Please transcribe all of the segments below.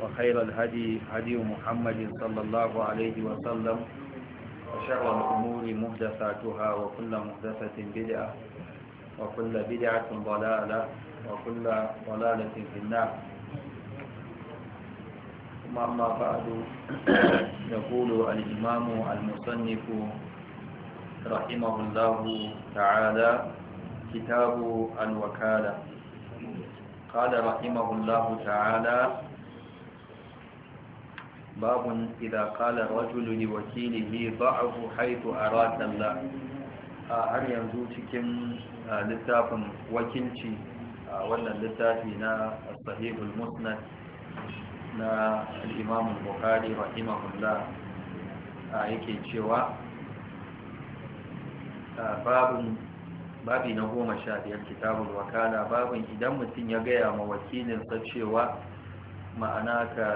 وخير الهدي هدي محمد صلى الله عليه وسلم وشر الأمور مهدثاتها وكل مهدثة بدعة وكل بدعة ضلالة وكل ضلالة في النار ثم أما بعد يقول الإمام المصنف رحمه الله تعالى كتاب الوكالة قال رحمه الله تعالى باب اذا قال الرجل لوكيله ضعف حيث اراد الله har yanzu cikin littafin wakilci a wannan littafi na sahihul musnad na al-imam bukari rahimahullah yake cewa babi na goma sha biyar kitabul wakala babin idan mutum ya gaya ma wakilinsa cewa ma'ana ka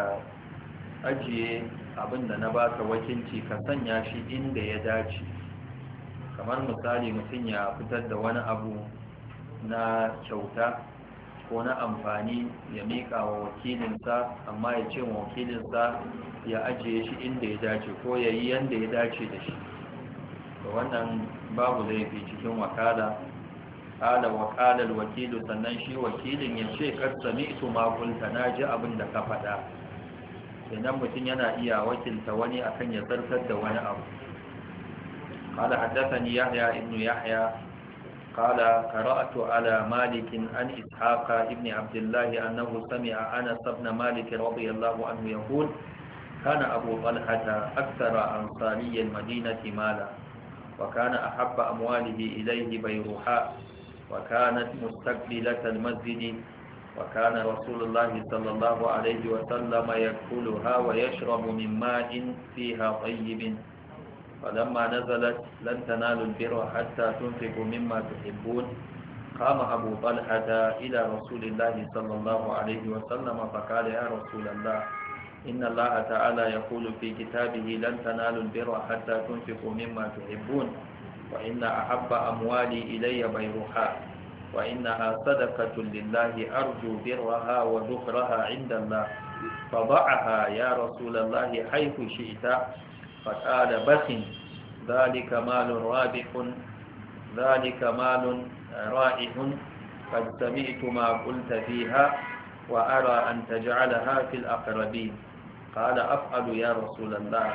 ajiye abin da na baka wakilci ka sanya shi inda ya dace kamar misali mutum ya fitar da wani abu na kyauta ko na amfani ya mika wa wakilinsa amma ya ce wa wakilinsa ya ajiye shi inda ya dace ko ya yi yadda ya dace da shi ga wannan babu laifi cikin wakala ala wakalar wakilu sannan shi wakilin ya ce kar sami su makulta na ji abin da ka faɗa sannan mutum yana iya wakilta wani akan ya zartar da wani abu kada haddasani yahya ibnu yahya kada qara'tu ala malik an ishaqa ibnu abdullah annahu sami'a anas ibn malik radiyallahu ya hul. kana abu talhata akthara ansari almadinati mala wa kana ahabba amwalihi ilayhi bayruha wa kanat mustaqbilat almasjidi وكان رسول الله صلى الله عليه وسلم يأكلها ويشرب من ماء فيها طيب فلما نزلت لن تنالوا البر حتى تنفقوا مما تحبون قام أبو طلحة إلى رسول الله صلى الله عليه وسلم فقال يا رسول الله إن الله تعالى يقول في كتابه لن تنالوا البر حتى تنفقوا مما تحبون وإن أحب أموالي إلي بيرحاء وإنها صدقة لله أرجو برها وذكرها عند الله فضعها يا رسول الله حيث شئت فقال بخ ذلك مال رابح ذلك مال رائح قد سمعت ما قلت فيها وأرى أن تجعلها في الأقربين قال أفعل يا رسول الله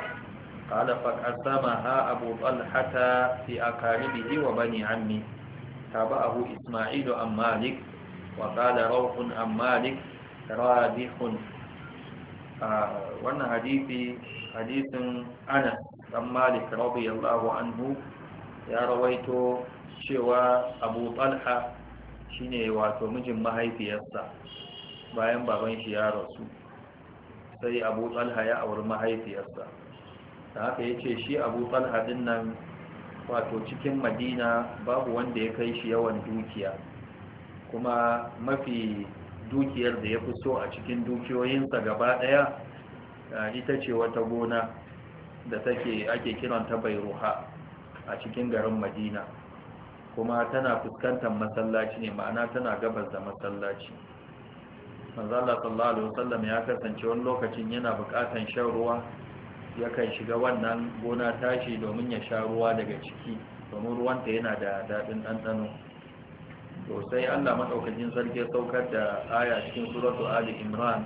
قال فقسمها أبو طلحة في أقاربه وبني عمه تابعه إسماعيل عن مالك وقال روح عن مالك رابح wannan hadisi hadisin Anas dan Malik radiyallahu anhu ya rawaito cewa Abu Talha shine wato mijin mahaifiyarsa bayan baban shi ya rasu sai Abu Talha ya auri mahaifiyarsa da haka ce shi Abu Talha din nan wato cikin madina babu wanda ya kai shi yawan dukiya kuma mafi dukiyar da ya fi so a cikin dukiyoyinsa gaba daya eh, ita ce wata gona da take ake kiranta bairuha a cikin garin madina kuma tana fuskantar masallaci ne ma'ana tana gabas da masallaci manzala sallallahu alaihi wasallam ya kasance wani lokacin yana bukatan shan ruwa yakan shiga wannan gona tashi domin ya sha ruwa daga ciki domin ruwanta yana da daɗin ɗanɗano to sai allah maɗaukacin sarki saukar da aya cikin suratu ali imran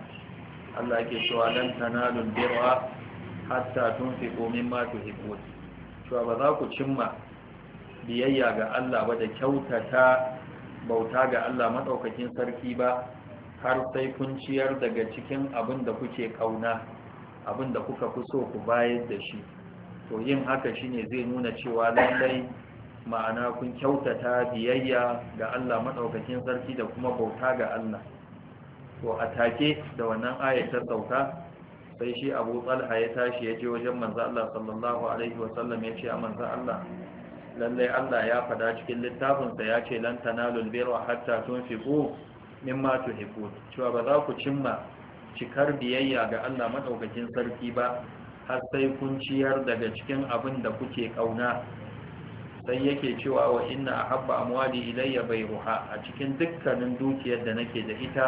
allah yake cewa lan tanalu birra hatta tunfiqu mimma tuhibbun cewa ba za ku cimma biyayya ga allah ba da kyautata bauta ga allah maɗaukacin sarki ba har sai kun ciyar daga cikin abin da kuke ƙauna. abin da kuka fi so ku bayar da shi to yin haka shine zai nuna cewa lallai ma'ana kun kyautata biyayya ga Allah madaukakin sarki da kuma bauta ga Allah to a take da wannan ayat ta sauka sai shi Abu Talha ya tashi ya je wajen manzo Allah sallallahu alaihi wasallam ya ce manzo Allah lallai Allah ya fada cikin littafinsa ya ce lan tanalul birra hatta tunfiqu mimma tuhibbun cewa ba za ku cimma cikar biyayya ga Allah maɗaukakin sarki ba har sai kun ciyar daga cikin abin da kuke ƙauna, sai yake cewa wa inna ahabba amwali ilayya ruha, a cikin dukkanin dukiyar da nake da ita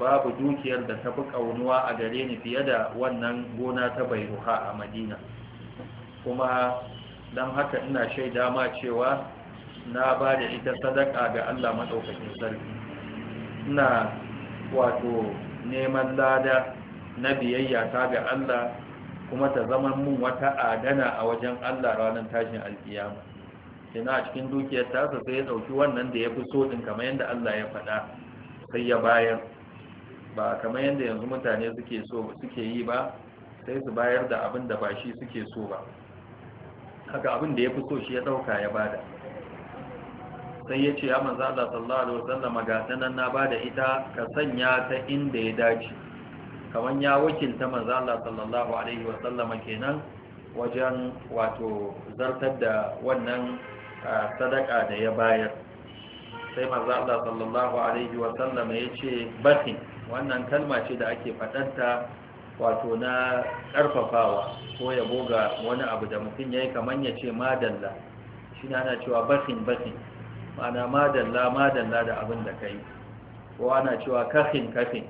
babu dukiyar da tafi ƙaunuwa a gare ni fiye da wannan gona ta bai ruha a Madina kuma dan haka ina shaida ma cewa na ba da ita sadaka ga Allah madaukakin sarki ina wato neman lada na biyayya ta ga Allah kuma ta zama mun wata adana a wajen Allah ranar tashin alkiyama Ina a cikin dukiyar tasa sai ya dauki wannan da ya fi so din kamar yadda Allah ya faɗa sai ya bayar ba kamar yadda yanzu mutane suke so suke yi ba sai su bayar da abin da ba shi suke so ba haka abin da ya fi so shi ya dauka ya bada sai ya ce ya manzo Allah sallallahu alaihi wasallam ga sanan na bada ita ka sanya ta inda ya dace kaman ya wakilta manzo Allah sallallahu alaihi wasallam kenan wajen wato zartar da wannan sadaka da ya bayar sai manzo Allah sallallahu alaihi wasallam ya ce batin wannan kalma ce da ake fadanta wato na karfafawa ko yabo ga wani abu da mutum ya yi kaman ya ce madalla shi ana cewa batin batin ma'ana madalla madalla da abin da kai ko ana cewa kafin kafin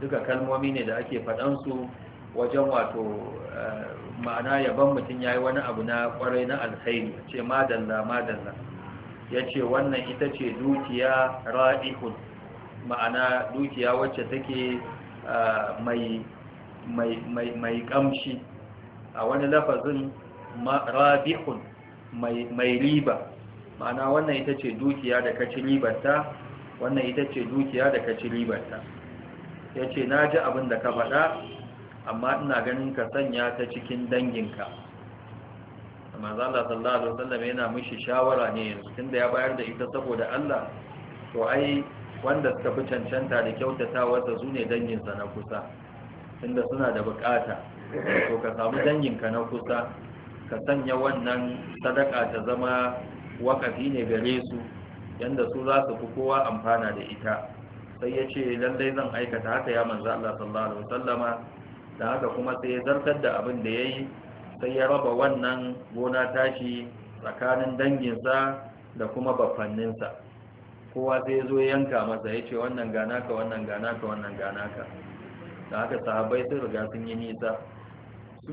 duka kalmomi ne da ake faɗansu wajen wato eh, ma'ana yaban mutum ya yi wani abu na kwarai na alkhairi ce madalla madalla ya ce wannan ita ce dukiya ra'ihun ma'ana dukiya wacce take eh, mai kamshi a wani lafazin rabihun mai riba ma'ana wannan ita ce dukiya da ka ci ribarta wannan ita ce dukiya da ka ci ribarta ya ce na ji abin da ka faɗa amma ina ganin ka sanya ta cikin danginka mazala sallallahu alaihi wasallam yana mishi shawara ne yanzu tunda ya bayar da ita saboda Allah to ai wanda suka fi cancanta da kyautatawarsa wata su ne danginsa na kusa tunda suna da bukata to ka samu danginka na kusa ka sanya wannan sadaka ta zama wakafi ne gare su yanda su za su fi kowa amfana da ita sai ya ce lallai zan aikata haka ya manzo Allah sallallahu alaihi wasallama da haka kuma sai ya zartar da abin da yayi sai ya raba wannan gona tashi tsakanin danginsa da kuma bafanninsa kowa sai ya zo yanka masa ya ce wannan gana wannan gana wannan gana da haka sahabbai sun riga sun yi nisa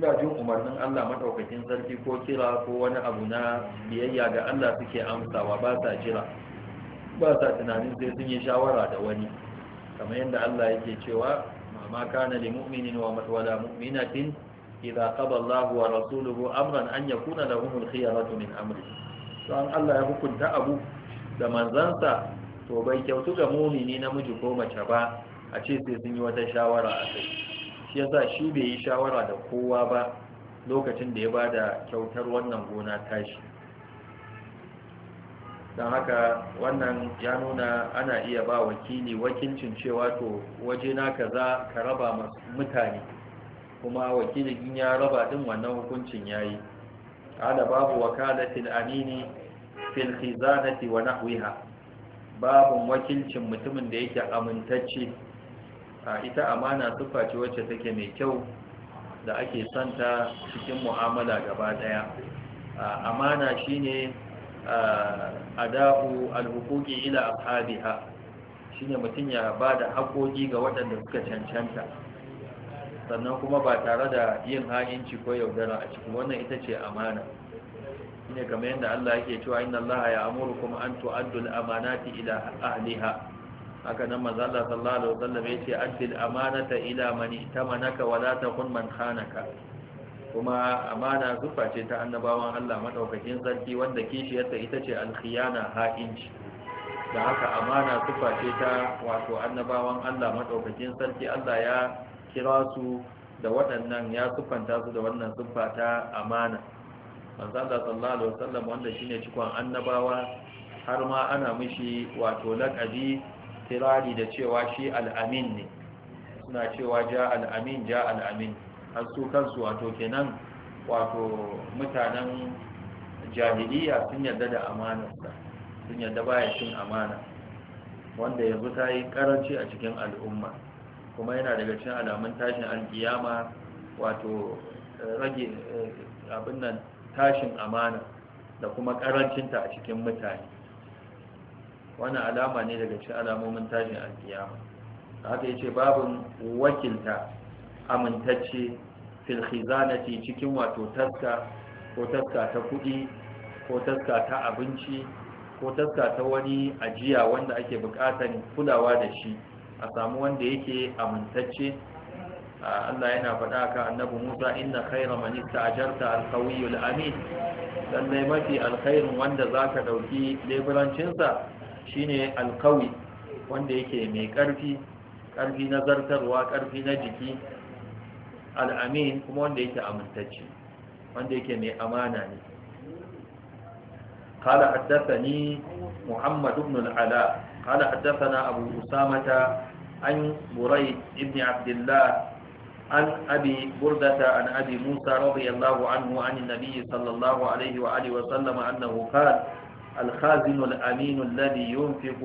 suna jin umarnin Allah madaukakin sarki ko kira ko wani abu na biyayya ga Allah suke amsawa ba sa jira ba sa tunanin sai sun yi shawara da wani kamar yadda Allah yake cewa ma kana li mu'minin wa wala mu'minatin idza qada Allahu wa rasuluhu amran an yakuna al khiyaratu min amri to an Allah ya hukunta abu da manzansa to bai kyautu ga mumini namiji ko mace ba a ce sai sun yi wata shawara a kai shi yasa shi bai yi shawara da kowa ba lokacin da ya ba da kyautar wannan gona tashi don haka wannan ya nuna ana iya ba wakili wakilcin cewa to waje na kaza ka raba mutane kuma wakilin ya raba din wannan hukuncin ya yi. ala babu wakalatin amini fil khizanati wa nahwiha babun wakilcin mutumin da yake amintacce ita amana tuffa ce wacce take mai kyau da ake santa cikin mu'amala gaba daya amana shine ada'u alhuquqi ila ahadiha shine mutum ya bada haƙoƙi ga waɗanda suka cancanta sannan kuma ba tare da yin ha'inci ko yaudara a cikin wannan ita ce amana shine kamar yadda Allah yake cewa inna Allah ya kuma an tu'addu al-amanati ila ahliha haka nan mazala sallallahu alaihi wasallam yace addil amanata ila man itamanaka wa la takun man khanaka kuma amana zufa ce ta annabawan Allah madaukakin sarki wanda kishiyarta ita ce alkhiyana ha'inci da haka amana zufa ce ta wato annabawan Allah madaukakin sarki Allah ya kira su da waɗannan ya sufanta su da wannan sufa ta amana manzon da sallallahu alaihi wasallam wanda shine cikon annabawa har ma ana mishi wato laqabi kirari da cewa shi al'amin ne suna cewa ja al'amin ja al'amin har su kansu wato kenan wato mutanen jahiliya sun yarda da amanarsa sun yarda baya cin amana wanda yanzu ta yi karanci a cikin al'umma kuma yana daga cin alamun tashin al'iyama wato eh, rage eh, abin nan tashin amana da kuma karancinta a cikin mutane wannan alama ne daga cikin alamomin tashin alkiyama haka yace babu wakilta amintacce fil cikin wato taska ko taska ta kudi ko taska ta abinci ko taska ta wani ajiya wanda ake bukatar kulawa da shi a samu wanda yake amintacce Allah yana faɗa ka annabi Musa inna khayra man ista'jarta al-qawiyyu al-amin lallai mafi alkhairin wanda zaka dauki leburancinsa shine alkawi wanda yake mai ƙarfi ƙarfi na zartarwa ƙarfi na jiki al'amin kuma wanda yake amintacci wanda yake mai amana ne قال حدثني محمد بن العلاء قال حدثنا أبو أسامة عن بريد بن عبد الله عن أبي بردة عن أبي موسى رضي الله عنه عن النبي صلى الله عليه وآله وسلم أنه قال الخازن الأمين الذي ينفق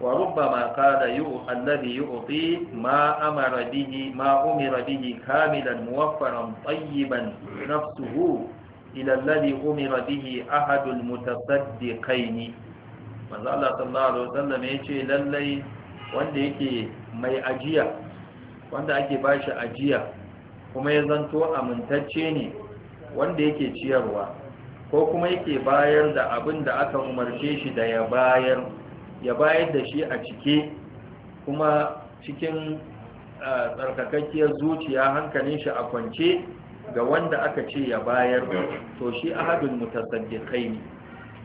وربما قال يؤ... الذي يعطي ما أمر به ما أمر به كاملا موفرا طيبا نفسه إلى الذي أمر به أحد المتصدقين manzo Allah sallallahu alaihi wasallam yace lallai wanda yake mai ajiya wanda ake bashi ajiya kuma ya zanto amintacce ne wanda yake ciyarwa ko kuma yake bayar da abin da aka umarce shi da ya bayar ya bayar da shi a cike kuma cikin tsarkakakkiyar zuciya hankalin shi a kwance ga wanda aka ce ya bayar to shi ahadun mutasaddiqai ne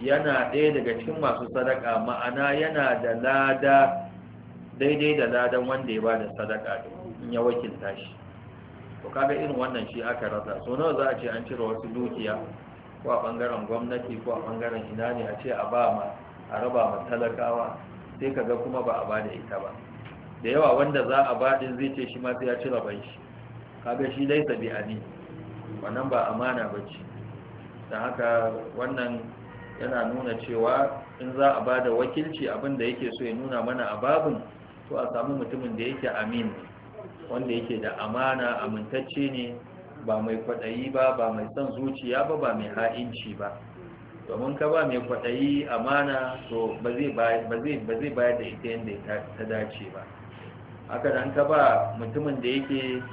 yana ɗaya daga cikin masu sadaka ma'ana yana da lada daidai da ladan wanda ya bada sadaka in ya wakilta shi to kaga irin wannan shi aka rasa so nawa za a ce an cire wasu dukiya ko a bangaren gwamnati ko a bangaren ina ne a ce a ba ma a raba ma talakawa sai ka ga kuma ba a ba da ita ba da yawa wanda za a ba din zai ce shi ma sai ya ci raban shi kaga shi laisa bi ani wannan ba amana ba ce. don haka wannan yana nuna cewa in za a ba da wakilci abin da yake so ya nuna mana a babin to a samu mutumin da yake amin wanda yake da amana amintacce ne ba mai kwaɗayi ba ba mai son zuciya ba ba mai ha'inci ba domin ka ba mai kwaɗayi amana to ba zai bayar da ita yadda ta dace ba haka nan ka ba mutumin da yake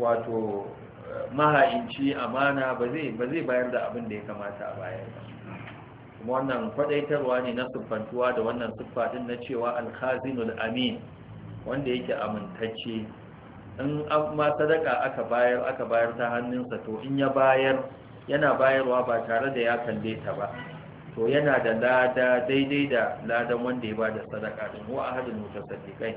wato eh, maha'inci amana ba zai bayar da abin da ya kamata a bayar ba kuma wannan kwaɗaitarwa ne na siffantuwa da wannan siffa din na cewa alkhazinul amin wanda yake amintacce in ma sadaka aka bayar aka bayar ta hannunsa to in ya bayar yana bayarwa ba tare da ya kalle ta ba to yana da lada daidai da ladan wanda ya bada sadaka din wa ahadin mutasaddiqai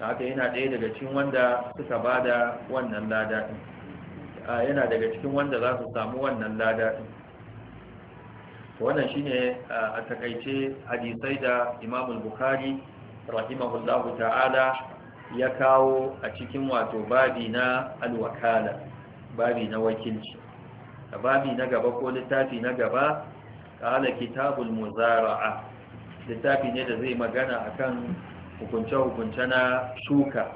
haka yana ɗaya daga cikin wanda suka bada wannan lada din yana daga cikin wanda za su samu wannan lada din wannan shine a takaice hadisai da Imam al-Bukhari rahimahullahu ta'ala ya kawo a cikin wato babi na alwakala babi na wakilci a babi na gaba ko littafi na gaba kala kitabul muzara'a littafi ne da zai magana akan hukunce-hukunce na shuka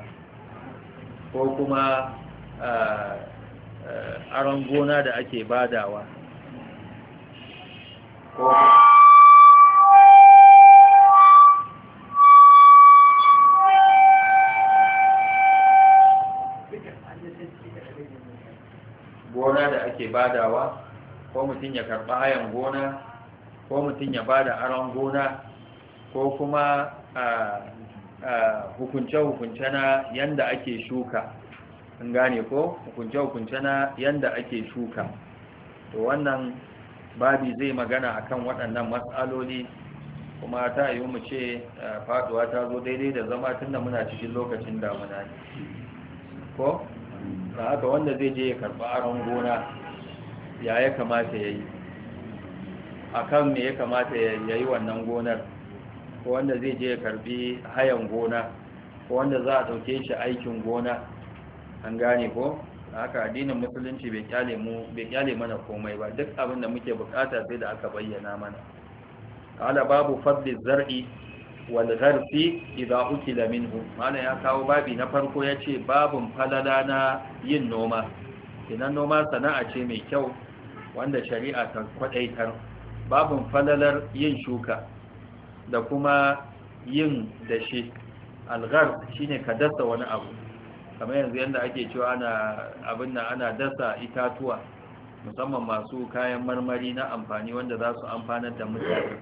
ko kuma aron gona da ake badawa Ibadawa badawa ko mutum ya karɓa hayan gona ko mutum ya bada aron gona ko kuma hukunce-hukunce na yanda ake shuka in gane ko hukunce-hukunce na yanda ake shuka to wannan babi zai magana akan waɗannan matsaloli kuma ta yi mu ce faduwa ta zo daidai da zama tun da muna cikin lokacin damuna ne ko na haka wanda zai je ya karɓi aron gona ya ya kamata ya yi a kan me ya kamata ya yi wannan gonar ko wanda zai je ya karbi hayan gona ko wanda za a dauke shi aikin gona an gane ko haka addinin musulunci bai kyale mana komai ba duk abin da muke bukata sai da aka bayyana mana kala babu fadli zar'i wal gharfi idza ukila minhu mana ya kawo babi na farko yace babun falala na yin noma kenan noma sana'a ce mai kyau wanda shari'a ta kwadaitar babin falalar yin shuka da kuma yin dashe algar shine ka dasa wani abu kamar yanzu yadda ake cewa ana abin nan ana dasa itatuwa musamman masu kayan marmari na amfani wanda za su amfanar da mutane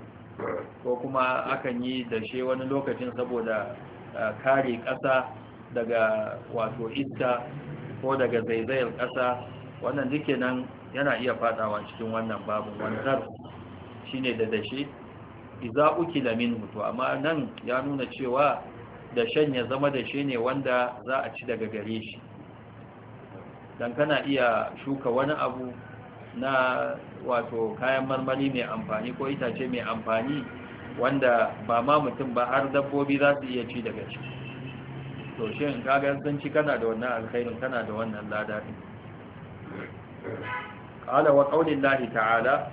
ko kuma akan yi dashe wani lokacin saboda eh, kare ƙasa daga wato iska ko daga zaizayar ƙasa wannan duke nan yana iya fadawa cikin wannan babin wannan shine da dashe iza da min mutu amma nan ya nuna cewa dashen ya zama dashe ne wanda za a ci daga gare shi dan kana iya shuka wani abu na wato kayan marmari mai amfani ko itace mai amfani wanda ba ma mutum ba har dabbobi za su iya ci daga ciki to shin kaga sun ci kana da wannan alkhairin kana da wannan lada din qala wa qaulillahi ta'ala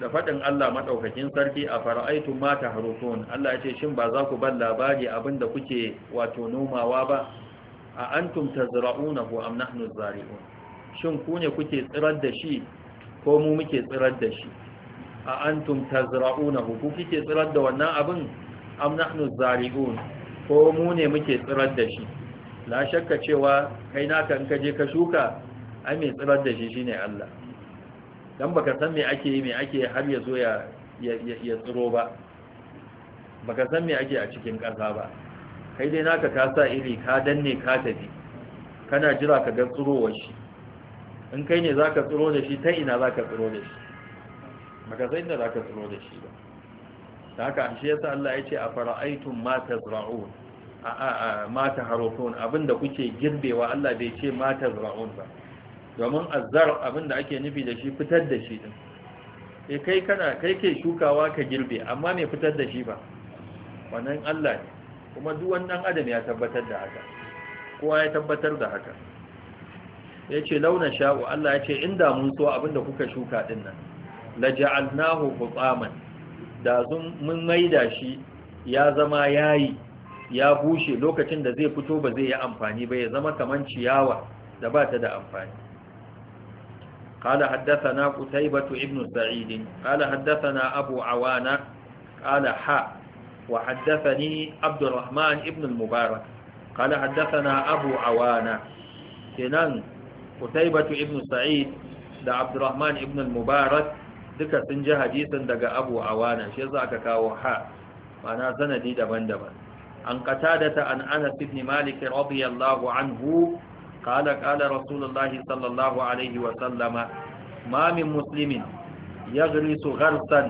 da fadin Allah madaukakin sarki a Fara'aitu ma tahrutun Allah yace shin ba za ku bar labari abinda kuke wato nomawa ba a antum tazra'unahu am nahnu zari'un shin ku ne kuke tsirar da shi ko mu muke tsirar da shi a antum tazra'unahu ku kike tsirar da wannan abin am nahnu zari'un ko mu ne muke tsirar da shi la shakka cewa kai naka in ka je ka shuka ai mai tsirar da shi shine Allah dan baka san me ake yi me ake har ya zo ya ya tsiro ba baka san me ake a cikin ƙasa ba kai dai naka ka sa iri ka danne ka tafi kana jira ka ga tsirowar shi in kai ne zaka tsiro da shi ta ina zaka tsiro da shi baka san inda zaka tsiro da shi ba da haka shi yasa Allah ya ce a fara'aitum ma tazra'un mata harufun abinda kuke girbewa Allah bai ce mata zura'un ba domin azzar abinda ake nufi da shi fitar da shi din e kai kana kai ke shukawa ka girbe amma mai fitar da shi ba wannan Allah ne kuma duk wannan adam ya tabbatar da haka kowa ya tabbatar da haka ya ce launa sha'u Allah ya ce inda mun so abinda kuka shuka din nan la ja'alnahu hutaman da mun maida shi ya zama yayi ya bushe lokacin da zai fito ba zai yi amfani ba ya zama kaman ciyawa da ba ta da amfani ƙala haddasa na ƙutai batu ibnu sa'idin ƙala haddasa na abu awana ƙala ha wa haddasa ni abdurrahman ibn mubarak ƙala haddasa na abu awana kenan ƙutai ibnu sa'id da abdurrahman ibn mubarak duka sun ji hadisun daga abu awana shi za ka kawo ha ma na sanadi daban-daban عن قتادة عن أنس بن مالك رضي الله عنه قال قال رسول الله صلى الله عليه وسلم ما من مسلم يغرس غرسا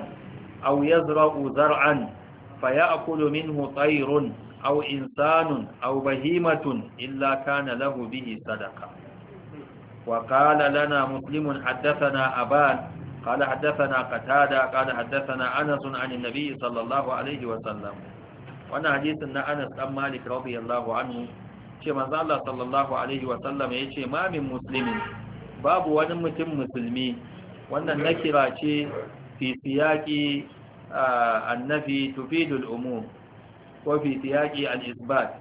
أو يزرع زرعا فيأكل منه طير أو إنسان أو بهيمة إلا كان له به صدقة وقال لنا مسلم حدثنا أبان قال حدثنا قتادة قال حدثنا أنس عن النبي صلى الله عليه وسلم wannan hadisin na Anas dan Malik radiyallahu anhu ce manzo Allah sallallahu alaihi wa sallam yace ma min muslimin babu wani mutum musulmi wannan nakira ce fi siyaqi ah, annafi tufidu al-umum ko fi siyaqi al-isbat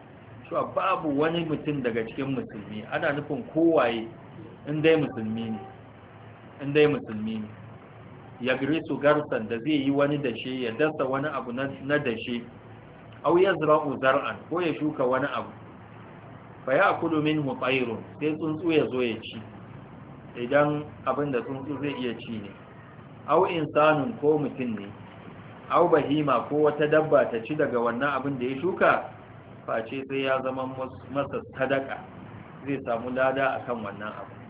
cewa babu wani mutum daga cikin musulmi ana nufin kowaye in dai musulmi ne in dai musulmi ne ya gari su garsan da zai yi wani dashe ya dasa wani abu na dashe aw yazra'u zar'an ko ya shuka wani abu fa ya'kulu minhu tayrun sai tsuntsu ya zo ya ci idan abin da tsuntsu zai iya ci ne aw insanun ko mutum ne aw bahima ko wata dabba ta ci daga wannan abin da ya shuka face sai ya zama masa sadaka zai samu lada akan wannan abu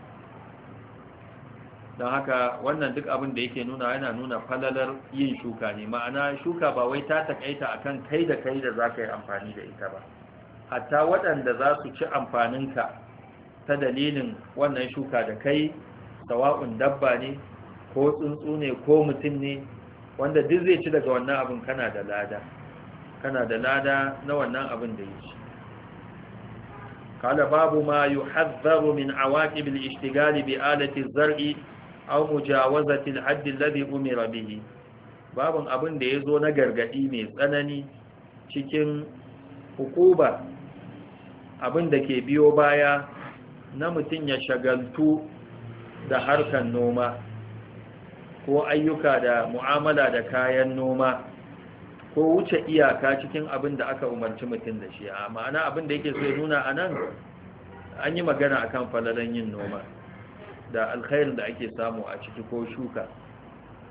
don haka wannan duk abin da yake nuna yana nuna falalar yin shuka ne ma'ana shuka ba wai ta takaita a kan kai da kai da za ka yi amfani da ita ba hatta waɗanda za su ci amfaninka ta dalilin wannan shuka da kai sawa'un dabba ne ko tsuntsu ne ko mutum ne wanda duk zai ci daga wannan abin kana da lada kana da lada na wannan abin da ya ci قال باب ما يحذر من عواقب الاشتغال بآلة الزرع aw mujawazati al-hadd alladhi umira bihi babun abin da yazo na gargadi mai tsanani cikin hukuba abin da ke biyo baya na mutum ya shagaltu da harkan noma ko ayyuka da mu'amala da kayan noma ko wuce iyaka cikin abin da aka umarci mutum da shi a ma'ana abin da yake so ya nuna a nan an yi magana akan falalan yin noma da alkhairin da ake samu a ciki ko shuka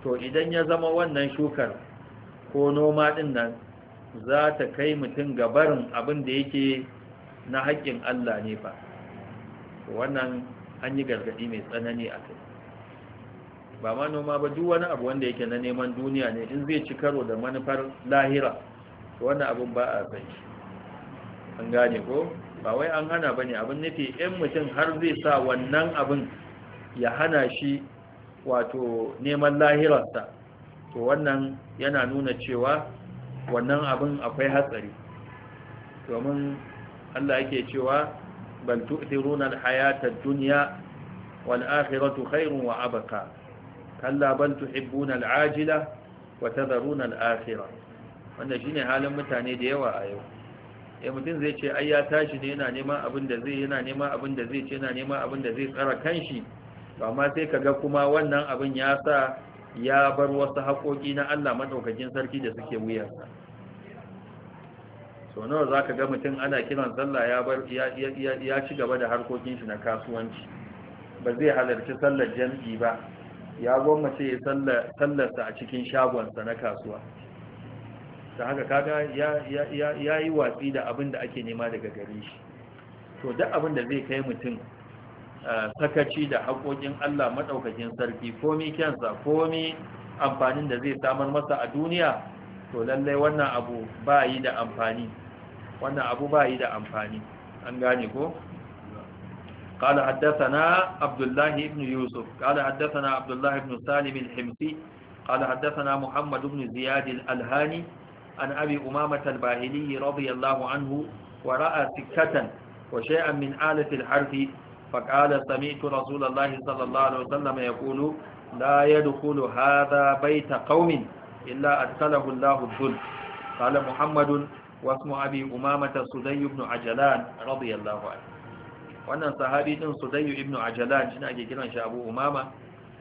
to idan ya zama wannan shukar ko noma din nan za ta kai mutum gabarin abin da yake na haƙƙin Allah ne fa wannan an yi gargaɗi mai tsanani a kai ba ma noma ba duk wani abu wanda yake na neman duniya ne in zai ci karo da manufar lahira wannan abin ba a kai. an gane ko ba wai an hana ba ne abin nufi in mutum har zai sa wannan abin ya hana shi wato neman lahirarsa to wannan yana nuna cewa wannan abin akwai hatsari domin Allah yake cewa bal tu'thiruna alhayata hayata ad-dunya wal akhiratu khairun wa abqa kalla bal tuhibbuna al-ajila wa tadharuna al-akhirah wannan shine halin mutane da yawa a yau eh mutum zai ce ai ya tashi ne yana neman abin zai yana neman abin zai ce yana neman abin da zai tsara kanshi to amma sai kaga kuma wannan abin ya sa ya bar wasu haƙoƙi na Allah madaukakin sarki da suke wuyarsa so nawa zaka ga mutum ana kiran sallah ya bar ya ci gaba da harkokin shi na kasuwanci ba zai halarci sallar jami'i ba ya gwammace ya sallarsa a cikin shagonsa na kasuwa ta haka kaga ya yi watsi da abin da ake nema daga gare shi to duk abin da zai kai mutum Eh, sakaci da haƙoƙin Allah maɗaukakin sarki komi kyansa komi amfanin da zai samar masa a duniya to lallai wannan abu ba yi da amfani wannan abu ba yi da amfani an gane ko قال حدثنا عبد الله بن يوسف قال حدثنا عبد الله بن سالم الحمصي قال حدثنا محمد بن زياد الألهاني عن أبي أمامة الباهلي رضي الله عنه ورأى سكة وشيئا من آلة الحرف فقال سمعت رسول الله صلى الله عليه وسلم يقول لا يدخل هذا بيت قوم إلا أدخله الله الذل قال محمد واسم أبي أمامة سدي بن عجلان رضي الله عنه wannan sahabi din sudayyu ibnu ajalan shi ake kiran shi abu umama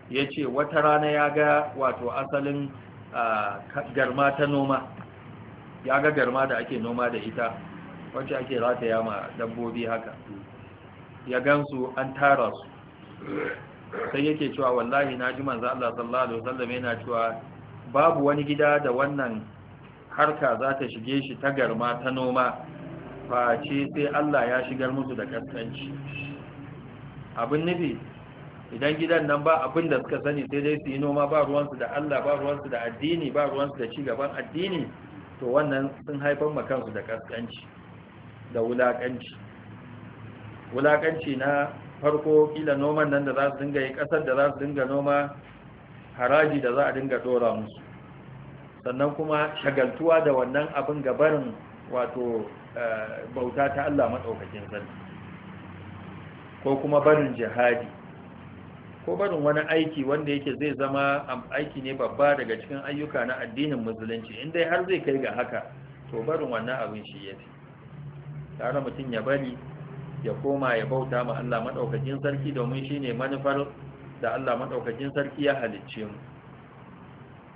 ya ce wata rana ya ga wato asalin garma ta noma ya ga garma da ake noma da ita wacce ake rataya ma dabbobi haka ya gansu an tara su sai yake cewa wallahi na ji manzo Allah sallallahu alaihi wasallam yana cewa babu wani gida da wannan harka za ta shige shi ta garma ta noma face sai Allah ya shigar musu da kaskanci abin nufi idan gidan nan ba abin da suka sani sai dai su yi noma ba ruwansu da Allah ba ruwansu da addini ba ruwansu da cigaban addini to wannan sun haifar ma kansu da kaskanci da wulakanci wulakanci na farko kila noman nan da za su dinga yi kasar da za su dinga noma haraji da za a dinga dora musu sannan kuma shagaltuwa da wannan abin gabarin wato eh, bauta ta Allah maɗaukakin sarki ko kuma barin jihadi ko barin wani aiki wanda yake zai zama aiki ne babba daga cikin ayyuka na addinin musulunci inda har zai kai ga haka to barin wannan abin shi fi, tare mutum ya bari ya koma ya bauta ma Allah madaukakin sarki domin shine manufar da Allah madaukakin sarki ya halicce mu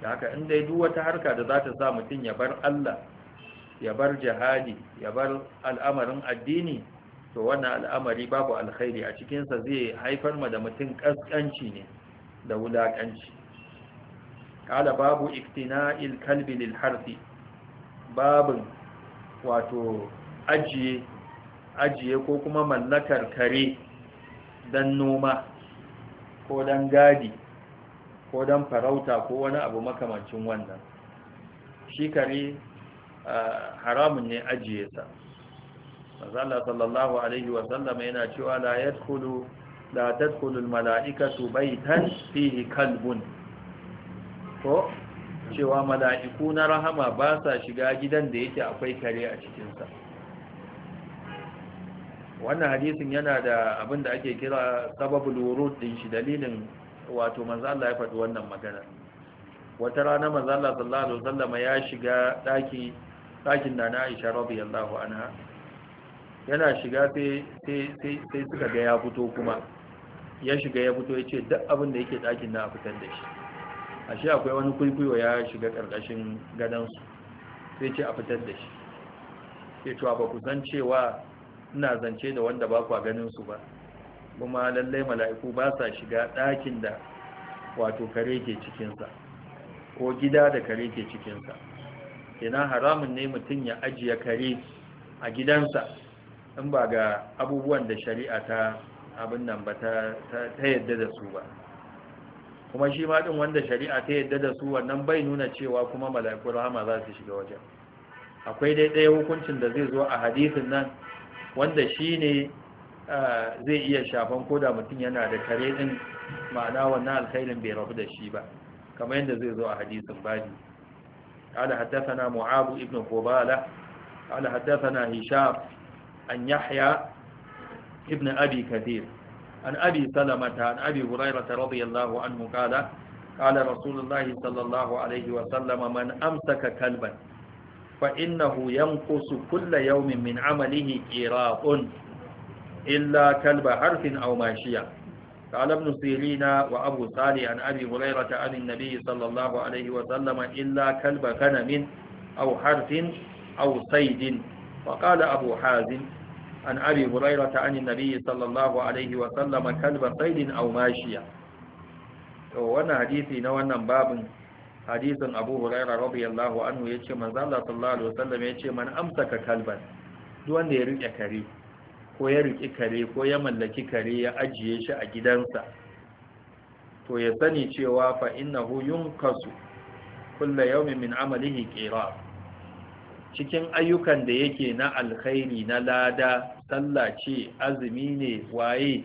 da haka in dai duk wata harka da za ta sa mutum ya bar Allah ya bar jihadi ya bar al'amarin addini to wannan al'amari babu alkhairi a cikinsa zai haifar ma da mutum ƙasƙanci ne da wulaƙanci Kala babu iktina'il kalbi lil harfi babin wato ajiye ajiye ko kuma mallakar kare don noma ko don gadi ko don farauta ko wani abu makamancin wannan shi kare haramun ne ajiye sa mazala sallallahu alaihi wasallam yana cewa la yadkhulu la tadkhulu almala'ikatu baytan fihi kalbun ko cewa mala'iku na rahama ba sa shiga gidan da yake akwai kare a cikinsa. sa wannan hadisin yana da abin da ake kira sababul wurud din shi dalilin wato manzo Allah ya faɗi wannan magana wata rana manzo Allah sallallahu alaihi wasallam ya shiga daki dakin da na Aisha radiyallahu anha yana shiga sai sai sai suka ga ya fito kuma ya shiga ya fito yace duk abin da yake dakin na a fitar da shi ashe akwai wani kuikuyo ya shiga karkashin su sai ce a fitar da shi sai to ba ku san cewa ina zance da wanda ba kwa ganin su ba kuma lallai mala'iku ba sa shiga ɗakin da wato kare ke cikinsa ko gida da kare ke cikinsa Ina haramun ne mutum ya ajiye kare a gidansa in ba ga abubuwan da shari'a ta abin nan ba ta yadda da su ba kuma shi ma ɗin wanda shari'a ta yadda da su wannan bai nuna cewa kuma mala'iku rahama za su shiga wajen akwai dai hukuncin da zai zo a hadisin nan wanda shi ne zai iya shafan koda mutum yana da kare ɗin ma'ana wannan alkhairin bai rabu da shi ba kamar yadda zai zo a hadisin bani ala haddasa mu'abu ibn kobala ala haddasa na hishaf an yahya ibn abi kadir an abi salamata an abi hurairata radiyallahu anhu kala قال رسول الله صلى الله عليه وسلم من أمسك فإنه ينقص كل يوم من عمله قراط إلا كلب حرف أو ماشية قال ابن سيرين وأبو صالح عن أبي هريرة عن النبي صلى الله عليه وسلم إلا كلب غنم أو حرف أو صيد وقال أبو حازم عن أبي هريرة عن النبي صلى الله عليه وسلم كلب صيد أو ماشية وانا حديثي نوانا باب hadisin abu huraira radiyallahu anhu yace manzo Allah sallallahu alaihi wasallam yace man amsaka kalban duk wanda ya rike kare ko ya rike kare ko ya mallaki kare ya ajiye shi a gidansa to ya sani cewa fa innahu yunqasu kulla yawmin min amalihi qira cikin ayyukan da yake na alkhairi na lada sallah ce azumi ne waye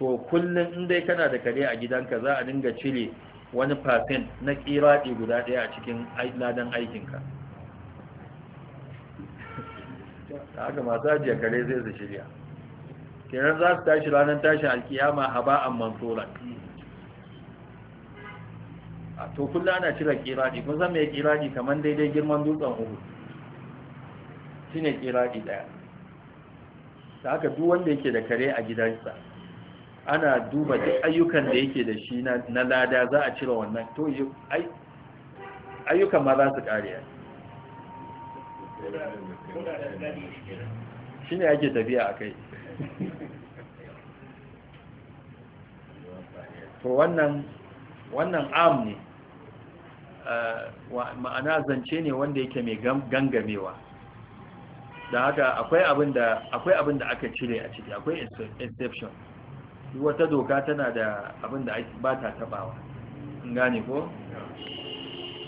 to kullun in dai kana da kare a gidanka za a dinga cire wani fafen na ƙiraɗi guda ɗaya a cikin ladan aikinka ta haka masu ajiyar kare zai su shirya kenan za su tashi ranar tashin alkiyama haba'an mansura a to kullum ana cire ƙiraɗi kun san mai ƙiraɗi kamar daidai girman dutsen uku shi ne ƙiraɗi ɗaya Ta haka duk wanda yake da kare a gidansa ana duba duk ayyukan da yake da shi na lada za a cire wannan to ayyukan ma za su kariya shi ne ake tafiya a kai to wannan wannan am ne eh, ma'ana zance ne wanda yake mai gangamewa da haka akwai abin da aka cire a ciki akwai exception wata doka tana da abin da ba ta tabawa an gane ko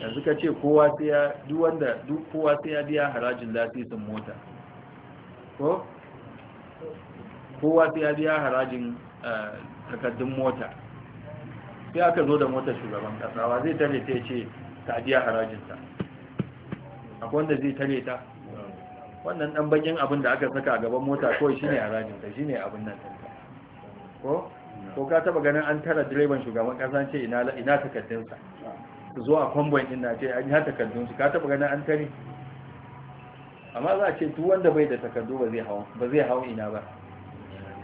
yanzu ka ce kowa sai ya duk wanda duk kowa sai ya biya harajin lasisin mota ko kowa sai ya biya harajin eh, takardun mota sai aka zo da motar shugaban wa zai tare ta ce ta biya harajin ta, akwai wanda zai tare ta wannan dan bakin abin da aka saka a gaban mota kawai shine harajin ta shine abin nan ko ko ka taba ganin an tara direban shugaban kasa ce ina ina takaddunsa zuwa kwambon din ce an ya takaddun takardunsu ka taba ganin an tare amma za a ce duk wanda bai da takaddu ba zai hawo ba zai hawo ina ba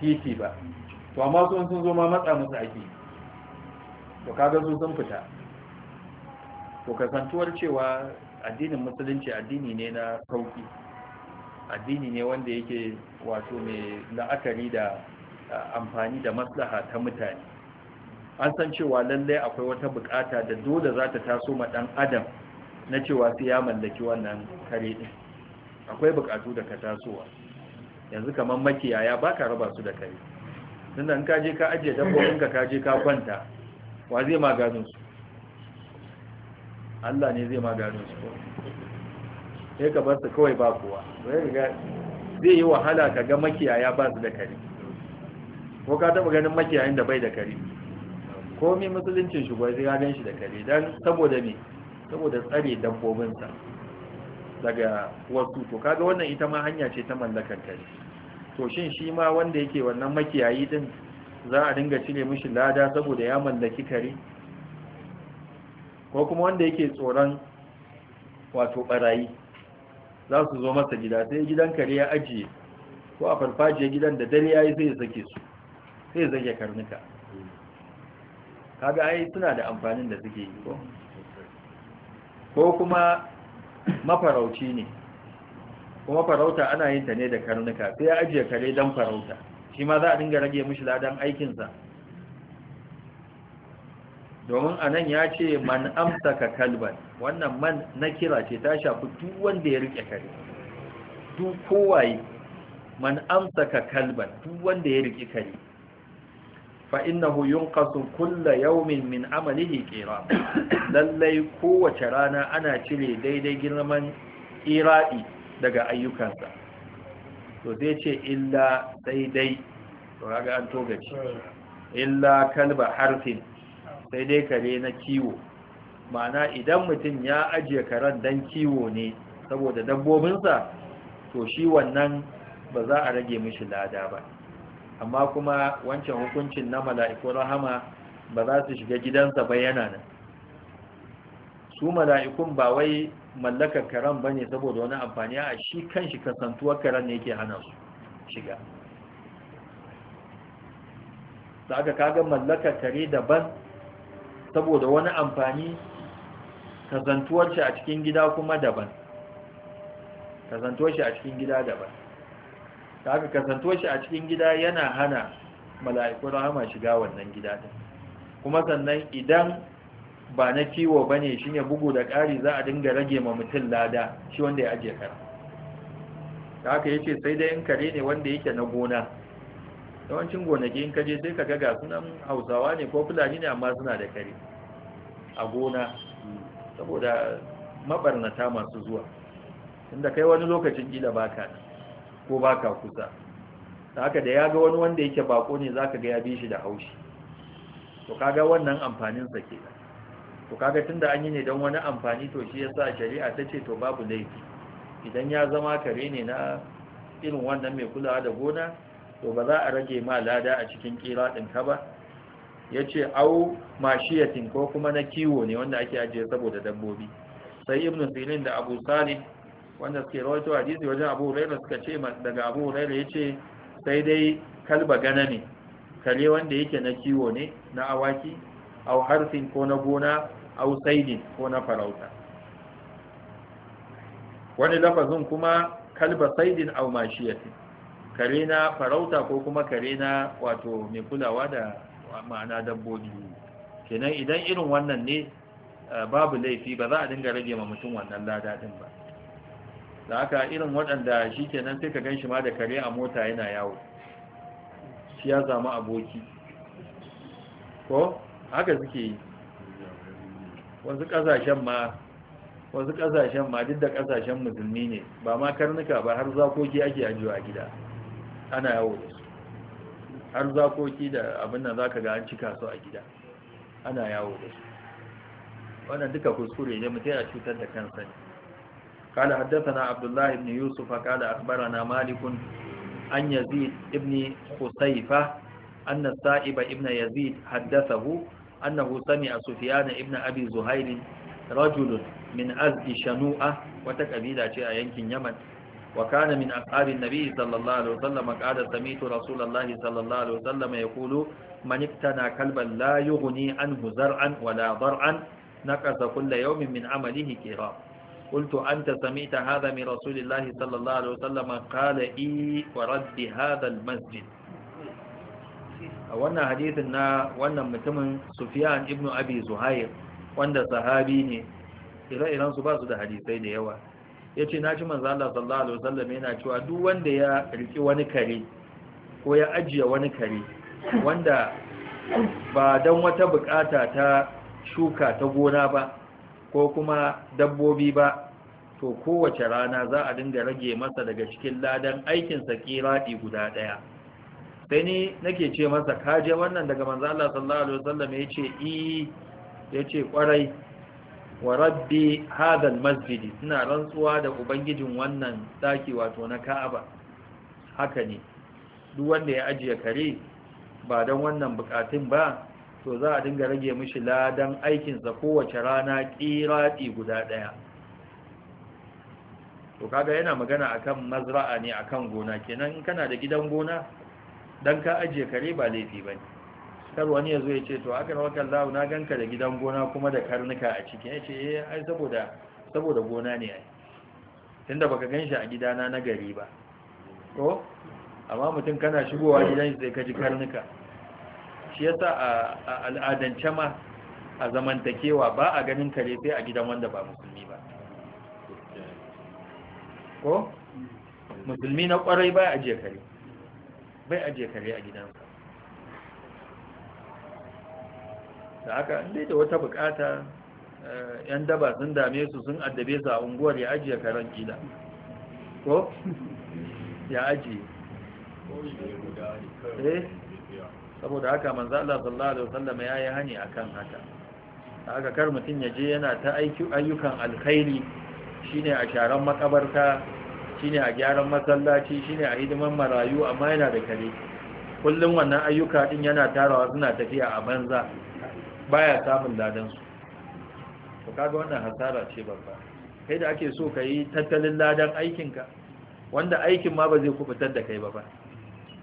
titi ba to amma sun sun zo ma matsa musu ake to kaga su sun fita to kasantuwar cewa addinin musulunci addini ne na sauki addini ne wanda yake wato mai la'akari da amfani da maslaha ta mutane an san cewa lallai akwai wata bukata da dole za ta taso ma dan adam na cewa sai ya mallaki wannan kare din akwai bukatu da ka tasowa yanzu kamar makiyaya ka raba su da kare tunda in ka je ka ajiye dabbobin ka ka je ka kwanta wa zai ma gano su Allah ne zai ma gano su sai ka bar su kawai ba kowa zai yi wahala ka ga makiyaya ba su da kare ko ka taba ganin makiyayin da bai da kare ko mai musuluncin shi gwai ya gan shi da kare dan saboda me saboda tsare dabbobinsa daga wasu to kaga wannan ita ma hanya ce ta mallakar kare to shin shi ma wanda yake wannan makiyayi din za a dinga cire mishi lada saboda ya mallaki kare ko kuma wanda yake tsoron wato barayi za su zo masa gida sai gidan kare ya ajiye ko a farfajiyar gidan da dare ya yi sai ya sake su sai zage karnuka kaga ai suna da amfanin da suke yi ko kuma mafarauci ne kuma farauta ana yin ta ne da karnuka sai ya ajiye kare don farauta shi ma za a dinga rage mishi ladan aikinsa domin a nan ya ce man amsaka kalban wannan man na kira ce ta shafi duk wanda ya rike kare duk kowaye man amsaka kalban duk wanda ya rike kare fa innahu kasu kulla yawmin min amalihi qira lallai kowace rana ana cire daidai girman iraɗi daga ayyukansa to zai ce illa daidai to an togaci illa kalba harfin sai dai kare na kiwo ma'ana idan mutum ya ajiye karen dan kiwo ne saboda dabbobinsa to shi wannan ba za a rage mishi lada ba amma kuma wancan hukuncin na mala'iku rahama ba za su shiga gidansa ba yana nan su mala'ikun ba wai mallakar karen ba ne saboda wani amfani a shi kan shi kasantuwar karen ne yake hana su shiga da aka kaga mallakar kare daban saboda wani amfani kasantuwar shi a cikin gida kuma daban kasantuwar shi a cikin gida daban da aka kasantuwa shi a cikin gida yana hana mala'ikun rahama shiga wannan gida din kuma sannan idan ba na kiwo ba ne shi ne bugu da ƙari za a dinga rage ma mutum lada shi wanda ya ajiye kara Da aka yi ce sai dai in kare ne wanda yake na gona yawancin gonaki in kaje sai ka ga ga sunan hausawa ne ko fulani ne amma suna da kare a gona saboda mabarnata masu zuwa inda kai wani lokacin ƙila baka nan ko ba ka kusa da haka da ya ga wani wanda yake bako ne za ka ga ya bi shi da haushi to kaga wannan amfaninsa ke to kaga tunda an yi ne don wani amfani to shi yasa shari'a ta ce to babu laifi idan ya zama kare ne na irin wannan mai kulawa da gona to ba za a rage ma lada a cikin kira ɗinka ba ya ce au mashiyatin ko kuma na kiwo ne wanda ake ajiye saboda dabbobi sai ibnu sirin da abu salih wanda suke rawaito hadisi wajen abu suka ce daga abu huraira ya ce sai dai kalba gana ne kare wanda yake na kiwo ne na awaki au harfin ko na gona au saidin ko na farauta wani lafazin kuma kalba saidin au mashiyatin kare na farauta ko kuma kare na wato mai kulawa da ma'ana dabbobi kenan idan irin wannan ne eh, babu laifi ba za a dinga rage ma mutum wannan lada din ba da aka irin waɗanda shi nan sai ka gan shi ma da kare a mota yana yawo shi ya zama aboki ko haka suke yi wasu ƙasashen ma wasu ƙasashen ma duk da ƙasashen musulmi ne ba ma karnuka ba har zakoki ake ajiyo a gida ana yawo da su har zakoki da abin nan za ka ga an cika su a gida ana yawo da su wannan duka kuskure ne mutum ya cutar da kansa ne قال حدثنا عبد الله بن يوسف قال أخبرنا مالك عن يزيد بن خصيفة أن السائب ابن يزيد حدثه أنه سمع سفيان ابن أبي زهير رجل من أزد شنوءة وتكبيلة شيئا يمكن يمن وكان من أصحاب النبي صلى الله عليه وسلم قال سميت رسول الله صلى الله عليه وسلم يقول من اقتنى كلبا لا يغني عنه زرعا ولا ضرعا نقص كل يوم من عمله كرام قلت أنت سميت هذا من رسول الله صلى الله عليه وسلم قال إي ورد هذا المسجد wannan hadithin na wannan mutumin Sufiyan ibn Abi Zuhair wanda sahabi ne ire-iren su ba su da hadisai da yawa yace na ci manzo Allah sallallahu alaihi wasallam yana cewa duk wanda ya riki wani kare ko ya ajiye wani kare wanda ba dan wata bukata ta shuka ta gona ba ko kuma dabbobi ba to kowace rana za a dinga rage masa daga cikin ladan aikinsa kiraɗi guda ɗaya sai ni nake ce masa kaje wannan daga manzo Allah sallallahu alaihi wasallam yace i e, yace kwarai wa rabbi hada almasjid ina rantsuwa da ubangijin wannan daki wato na Ka'aba haka ne duk wanda ya ajiye kare ba dan wannan bukatun ba to za a dinga rage mishi ladan aikinsa kowace rana kirati guda ɗaya. to kaga yana magana akan mazra'a ne akan gona kenan in kana da gidan gona dan ka ajiye kare ba laifi bane kar wani yazo ya ce to aka rawaka Allah na ganka da gidan gona kuma da karnuka a ciki yace eh ai saboda saboda gona ne ai tunda baka ganshi a gidana na gari ba to amma mutum kana shigowa gidan sai ka ji karnuka shi yasa a al'adance ma a zamantakewa ba a ganin kare sai a gidan wanda ba musulmi ko musulmi na kwarai bai ajiye kare bai ajiye kare a gidansa da haka inda da wata bukata eh, yan daba sun dame su sun addabe su a unguwar ya ajiye karen gida ko ya ajiye eh saboda haka manzo Allah sallallahu alaihi wasallam yi hani akan haka haka kar mutun ya je yana ta ayyukan alkhairi shine a sharan makabarta shine a gyaran masallaci shine a hidiman marayu amma yana da kare kullum wannan ayyuka din yana tarawa suna tafiya a banza baya samun ladan su to kaga wannan hasara ce babba kai da ake so ka tattalin ladan aikinka wanda aikin ma ba zai kubutar da kai ba ba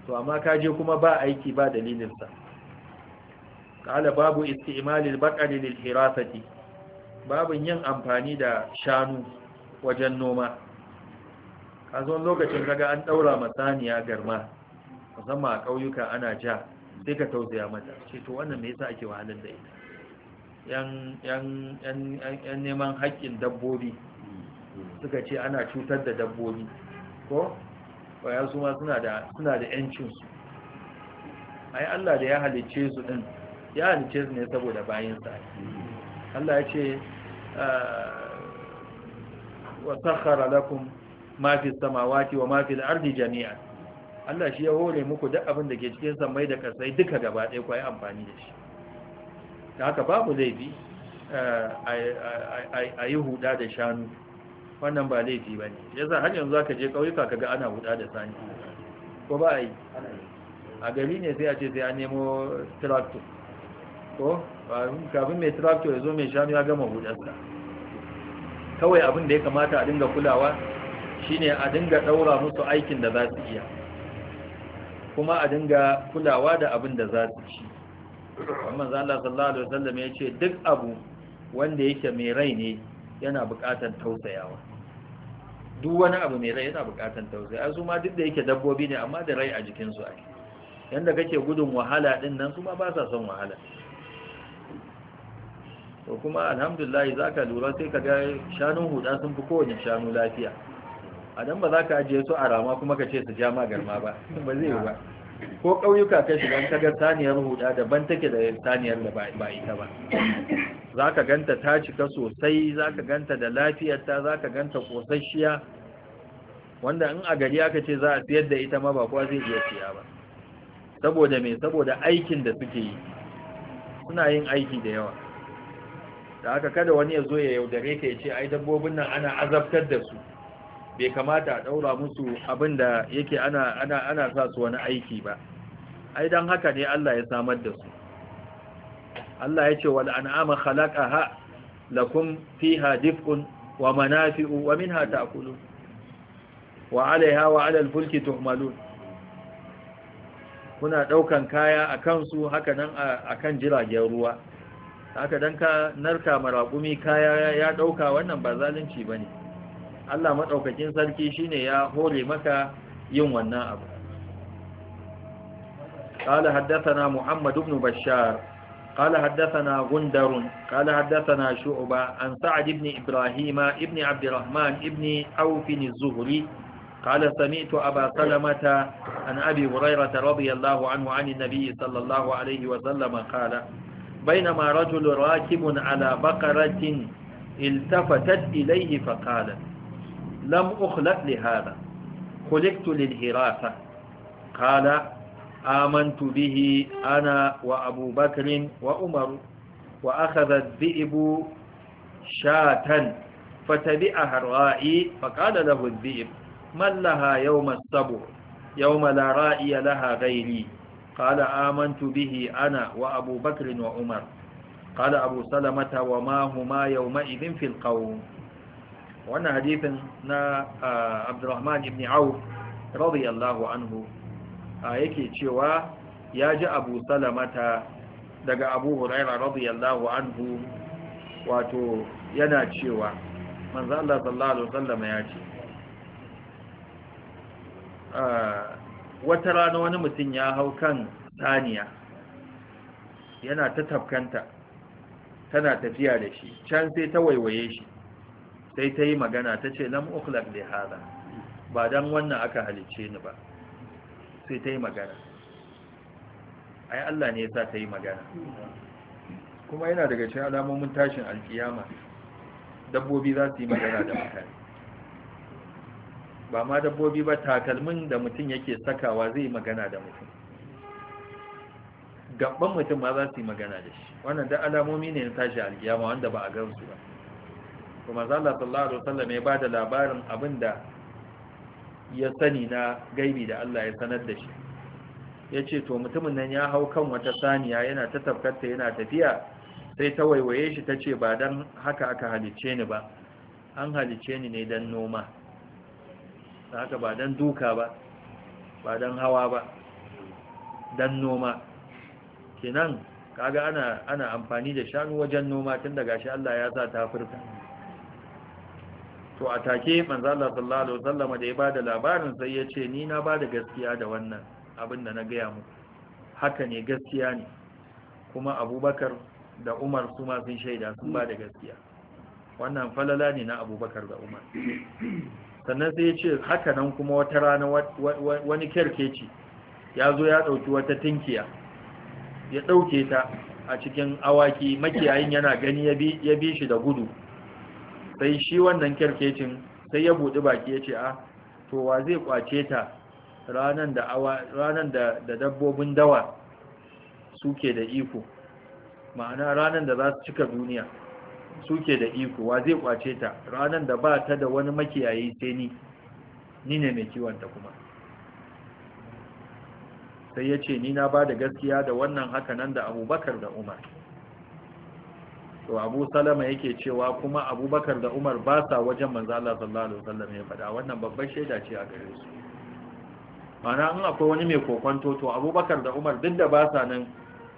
to amma ka je kuma ba aiki ba dalilinsa kala babu isti'malil baqari lil hirasati babin yin amfani da shanu wajen noma a zuwan lokacin kaga an daura masaniya garma musamman a ƙauyuka ana ja sai ka tausaya mata ce to wannan me yasa ake wahalar da ita yan neman haƙƙin dabbobi suka ce ana cutar da dabbobi ko bayan su ma suna da yancinsu ai Allah da ya halicce su ɗin ya halicce su ne saboda sa Allah ya ce ah, وسخر لكم ما في السماوات وما في الأرض جميعا Allah shi ya hore muku duk abin da ke cikin samai da kasai duka gaba ɗaya ku yi amfani da shi. Da haka babu laifi eh, a yi huda da shanu wannan ba laifi ba ne. Ya har yanzu za ka je ƙauyuka ka ga ana huda da sani. Ko ba a yi? A gari ne sai a ce sai an nemo traktor Ko? Kafin mai traktor ya zo mai shanu ya gama hudarsa. kawai abin da ya kamata a dinga kulawa shine a dinga daura musu aikin da za su iya kuma a dinga kulawa da abin da za su ci wannan Allah sallallahu alaihi wasallam ya ce duk abu wanda yake mai rai ne yana buƙatar tausayawa duk wani abu mai rai yana buƙatar tausayawa su ma duk da yake dabbobi ne amma da rai a jikin su ake yanda kake gudun wahala din nan su ma ba sa son wahala to kuma alhamdulillah za ka lura sai ka ga shanun huda sun fi kowane shanu lafiya a dan ba za ka ajiye su a rama kuma ka ce su ja ma garma ba ba zai yi ba ko ƙauyuka ka shiga ka ga saniyar huda daban take da saniyar da ba ita ba za ka ganta ta cika sosai za ka ganta da lafiyarta za ka ganta ƙosasshiya wanda in a gari aka ce za a siyar da ita ma ba kowa zai iya siya ba saboda me saboda aikin da suke yi suna yin aiki da yawa da aka kada wani ya zo ya yaudare ka ya ce ai dabbobin nan ana azabtar da su bai kamata a ɗaura musu abin da yake ana ana ana sa su wani aiki ba ai dan haka ne Allah ya samar da su Allah ya ce wal an'ama khalaqaha lakum fiha dif'un wa manafi'u wa minha ta'kulun wa 'alayha wa 'ala fulki tuhmalun kuna daukan kaya a kansu haka nan akan jiragen ruwa haka dan ka narka marakumi kaya ya dauka wannan ba zalunci bane Allah madaukakin sarki shine ya hore maka yin wannan abu قال حدثنا محمد بن بشار قال حدثنا غندر قال حدثنا شعبة عن سعد بن إبراهيم ابن عبد الرحمن ابن أوف الزهري قال سمعت أبا سلمة عن أبي هريرة رضي الله عنه عن النبي صلى الله عليه وسلم قال بينما رجل راكب على بقرة التفتت إليه فقال لم أخلق لهذا خلقت للهراسة قال آمنت به أنا وأبو بكر وأمر وأخذ الذئب شاة فتبعها الرائي فقال له الذئب من لها يوم السبع يوم لا رائي لها غيري قال آمنت به أنا وأبو بكر وعمر قال أبو سلمة وما هما يومئذ في القوم وأن حديثنا عبد الرحمن بن عوف رضي الله عنه yake cewa ya ji abu salamata daga abu huraira radiyallahu anhu wato yana cewa manzo Allah sallallahu ya ce wata rana wani mutum ya hau kan saniya yana ta tafkanta tana tafiya da shi can sai ta waiwaye shi sai ta yi magana ta ce lam ukhlaq li hada ba dan wannan aka halice ni ba sai ta yi magana ai Allah ne yasa ta yi magana kuma yana daga cikin alamomin tashin alkiyama dabbobi za su yi magana da mutane ba ma dabbobi ba takalmin da mutum yake sakawa zai magana da mutum gaban mutum ma za su yi magana da shi wannan da alamomi ne na tashi alkiyama wanda ba a gan su ba kuma zalla sallallahu alaihi wasallam ya da labarin abin da ya sani na gaibi da Allah ya sanar da shi yace to mutumin nan ya hau kan wata saniya yana ta tafkarta yana tafiya sai ta waiwaye shi ta ce ba dan haka aka halice ni ba an halice ni ne dan noma da haka ba don duka ba ba don hawa ba don noma kenan kaga ana ana amfani da shanu wajen noma tun daga shi Allah ya sa ta furta to a take manzo Allah sallallahu alaihi wasallam da ya bada labarin sai ya ce ni na bada gaskiya da wannan abin da na gaya mu. haka ne gaskiya ne kuma Abubakar da Umar su sun shaida sun bada gaskiya wannan falala ne na Abubakar da Umar sannan sai ya ce haka nan kuma wata rana wani kerkeci ya zo ya ɗauki wata tinkiya ya ɗauke ta a cikin awaki makiyayin yana gani ya bi shi da gudu sai shi wannan kerkecin sai ya buɗi baki ya ce a ah, to wa zai kwace ta ranar da da dabbobin dawa suke da iko ma'ana ranar da za su cika duniya suke da iko wa zai kwace ta ranar da ba ta da wani makiyayi sai ni ni ne mai kiwon ta kuma sai ya ce ni na ba da gaskiya da wannan haka nan da abubakar da umar to abu salama yake cewa kuma abubakar da umar ba sa wajen Allah sallallahu alaihi wasallam ya faɗa wannan babbar shaida ce a gare su mana in akwai wani mai kokonto to abubakar da umar duk da ba sa nan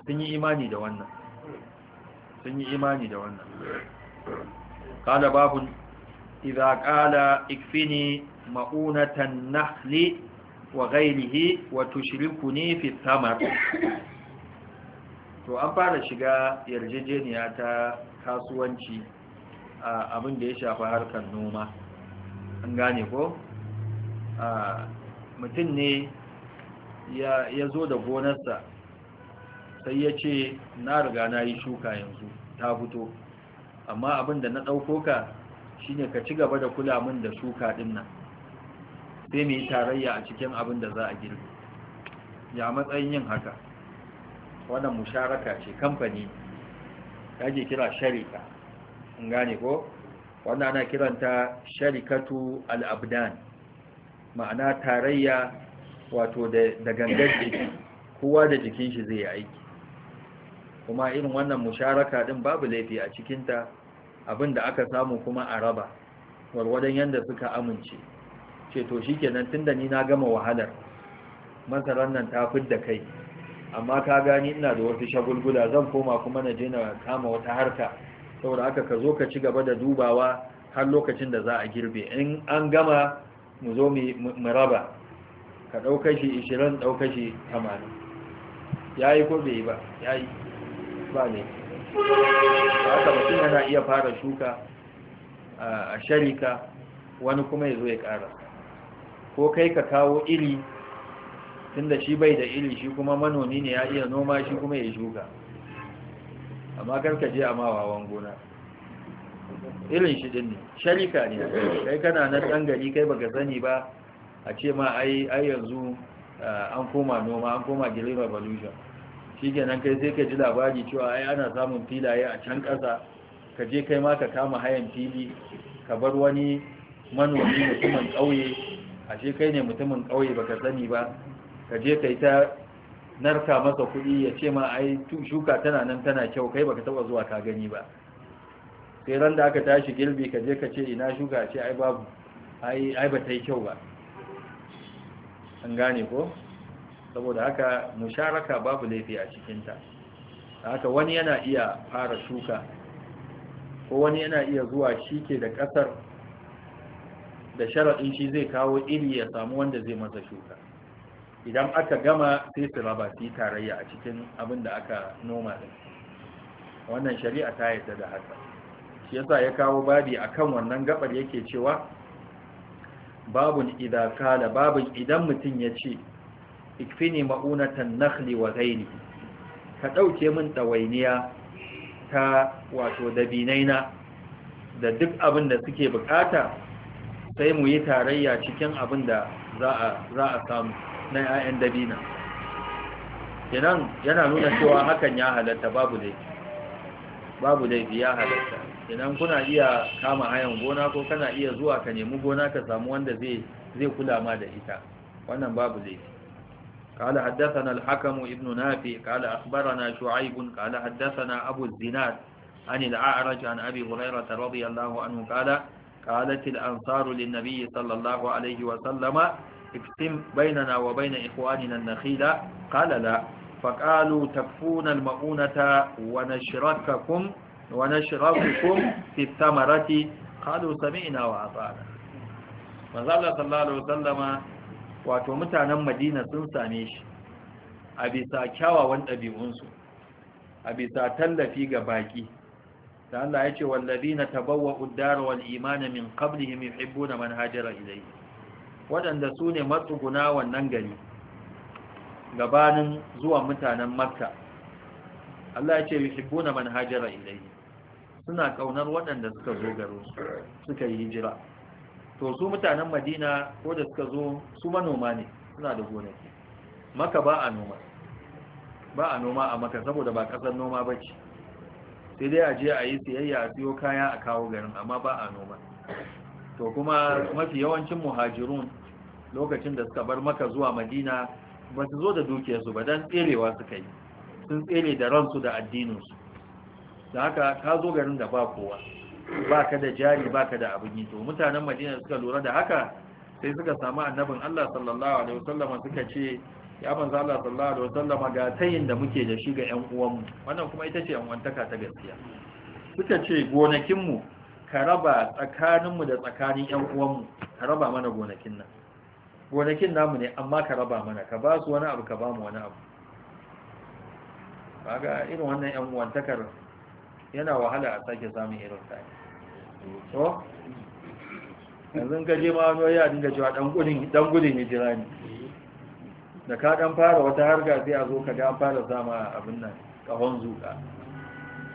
sun yi imani da wannan sun yi imani da wannan kada babu idza qala ikfini ma'unatan nahli wa ghairihi wa tushrikuni fi thamar to an fara shiga yarjejeniya ta kasuwanci abin da ya shafi harkar noma an gane ko mutum ne ya zo da gonarsa sai ya ce na riga na yi shuka yanzu ta fito amma abin da na ɗauko ka shine ka ci gaba da kula min da shuka ɗin nan sai mai tarayya a cikin abin da za a girbe ya matsayin yin haka wannan musharaka ce kamfani ke kira sharika in gane ko wannan ana kiranta sharikatu al'abdan ma'ana tarayya wato da gangar jiki kowa da jikin shi zai aiki kuma irin wannan musharaka din babu laifi a cikinta abinda aka samu kuma a raba warwadon yadda suka amince ce to shi kenan tun da ni na gama wahalar masarar nan ta fidda kai amma ka gani ina da wasu shagulgula zan koma kuma na je na kama wata harka saboda haka ka zo ka ci gaba da dubawa har lokacin da za a girbe in an gama mu zo mu raba ka ɗaukashi 20 ɗaukashi 80 ya yi ko bai ba ya yi ba ne haka mutum yana iya fara shuka a sharika wani kuma ya zo ya ƙara ko kai ka kawo iri tunda shi bai da iri shi kuma manomi ne ya iya noma shi kuma ya shuka amma karka je a mawawan gona irin shi din ne sharika ne kai kana na ɗan gari kai baka sani ba a ce ma ai yanzu an koma noma an koma girin revolution shi kenan kai sai ka ji labari cewa ai ana samun filaye a can ƙasa ka je kai ma ka kama hayan fili ka bar wani manomi mutumin ƙauye ashe kai ne mutumin ƙauye baka sani ba ka je kai ta narka masa kuɗi ya ce ma ai shuka tana nan tana kyau kai baka taɓa zuwa ka gani ba sai ran da aka tashi girbi ka je ka ce ina shuka ce ai babu ai ba ta yi kyau ba an gane ko saboda haka musharaka babu laifi a cikinta haka wani yana iya fara shuka ko wani yana iya zuwa shi ke da kasar da sharaɗin shi zai kawo iri ya samu wanda zai masa shuka idan aka gama sai su raba su yi tarayya a cikin abin da aka noma ɗin wannan shari'a ta yarda da haka shi yasa ya kawo babi akan wannan gabar yake cewa babun idan kala babun idan mutum ya ce ikfini ma'unatan nakhli wa ghayni ka dauke min dawainiya ta wato dabinaina da duk abin da suke bukata sai mu yi tarayya cikin abin da za a za a samu na 'ya'yan dabina kenan yana nuna cewa hakan ya halatta babu dai babu dai biya halatta kenan kuna iya kama hayan gona ko kana iya zuwa ka nemi gona ka samu wanda zai zai kula ma da ita wannan babu laifi قال حدثنا الحكم ابن نافع قال أخبرنا شعيب قال حدثنا أبو الزناد عن الأعرج عن أبي هريرة رضي الله عنه قال قالت الأنصار للنبي صلى الله عليه وسلم اقسم بيننا وبين إخواننا النخيل قال لا فقالوا تكفون المؤونة ونشرككم ونشرككم في الثمرة قالوا سمعنا وأطعنا manzo Allah sallallahu alaihi wasallama wato mutanen madina sun same shi a bisa kyawawan ɗabi'unsu a bisa tallafi ga baƙi da Allah ya ce wallazina tabawwa'u ad-dara wal imana min qablihim yuhibbuna man hajara ilayhi waɗanda su ne matsuguna wannan gari gabanin zuwa mutanen makka Allah ya ce yuhibbuna man hajara ilayhi suna ƙaunar waɗanda suka zo garin suka yi hijira to su mutanen madina ko da suka zo su manoma ne suna da gonaki maka ba a noma ba a noma a maka saboda ba kasar noma ba ce sai dai a je a yi siyayya a siyo kaya a kawo garin amma ba a noma to kuma mafi yawancin muhajirun lokacin da suka bar maka zuwa madina ba su zo da dukiyarsu ba don tserewa suka yi sun tsere da ransu da addininsu da haka ka zo garin da ba kowa baka da jari baka da abin yi to mutanen madina suka lura da haka sai suka samu annabin Allah sallallahu alaihi wasallam suka ce ya manzo Allah sallallahu alaihi wasallam ga tayin da muke da shi ga ƴan mu. wannan kuma ita ce ƴanwantaka ta gaskiya suka ce gonakin mu ka raba mu da tsakanin ƴan mu ka raba mana gonakin nan gonakin namu ne amma ka raba mana ka ba su wani abu ka ba mu wani abu kaga irin wannan ƴan uwantakar yana wahala a sake samun irin ta yanzu ka je ma wani ya dinga cewa dan gudun dan gudun hijira ne da ka dan fara wata harka sai a zo ka ga fara zama abin nan kahon zuka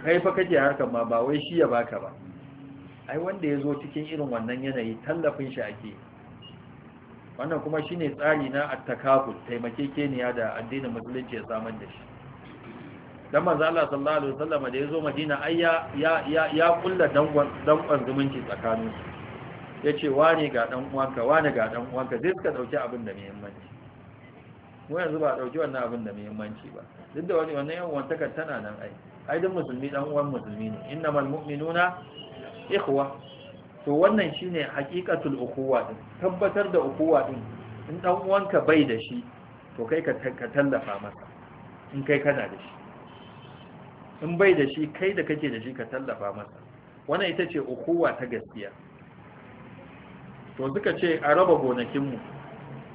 kai fa kake harkar ma ba wai shi ya baka ba ai wanda ya zo cikin irin wannan yanayi tallafin shi ake wannan kuma shine tsari na at-takaful taimakekeniya da addinin musulunci ya samar da shi dan manzo Allah sallallahu alaihi wasallam da yazo Madina ai ya ya ya kulla dangon dangon zumunci tsakanin su yace wani ga dan uwanka wani ga dan uwanka zai suka dauki abin da muhimmanci mu yanzu ba dauki wannan abin da muhimmanci ba duk da wani wannan yan uwan takar tana nan ai ai dan musulmi dan uwan musulmi ne innamal mu'minuna ikhwa to wannan shine haqiqatul ukhuwa din tabbatar da ukhuwa din in dan uwanka bai da shi to kai ka tallafa masa in kai kana da shi in bai da shi kai da kake da shi ka tallafa masa wannan ita ce ukuwa ta gaskiya to suka ce a raba gonakinmu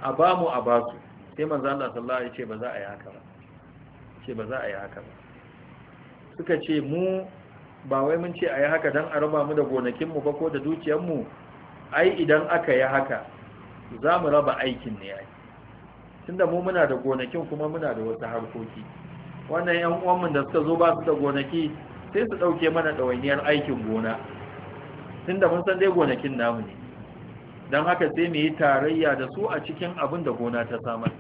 a ba mu a ba su sai manzan Allah sallallahu ya ce ba za a yi haka ba ce ba za a yi haka ba suka ce mu ba wai mun ce a yi haka don a raba mu da gonakinmu ba ko da mu? ai idan aka yi haka za mu raba aikin ne ai tunda mu muna da gonakin kuma muna da wasu harkoki wannan yan uwanmu da suka zo ba su da gonaki sai su ɗauke mana ɗawainiyar aikin gona Tunda da mun san dai gonakin namu ne don haka sai mu yi tarayya da su a cikin abin da gona ta samar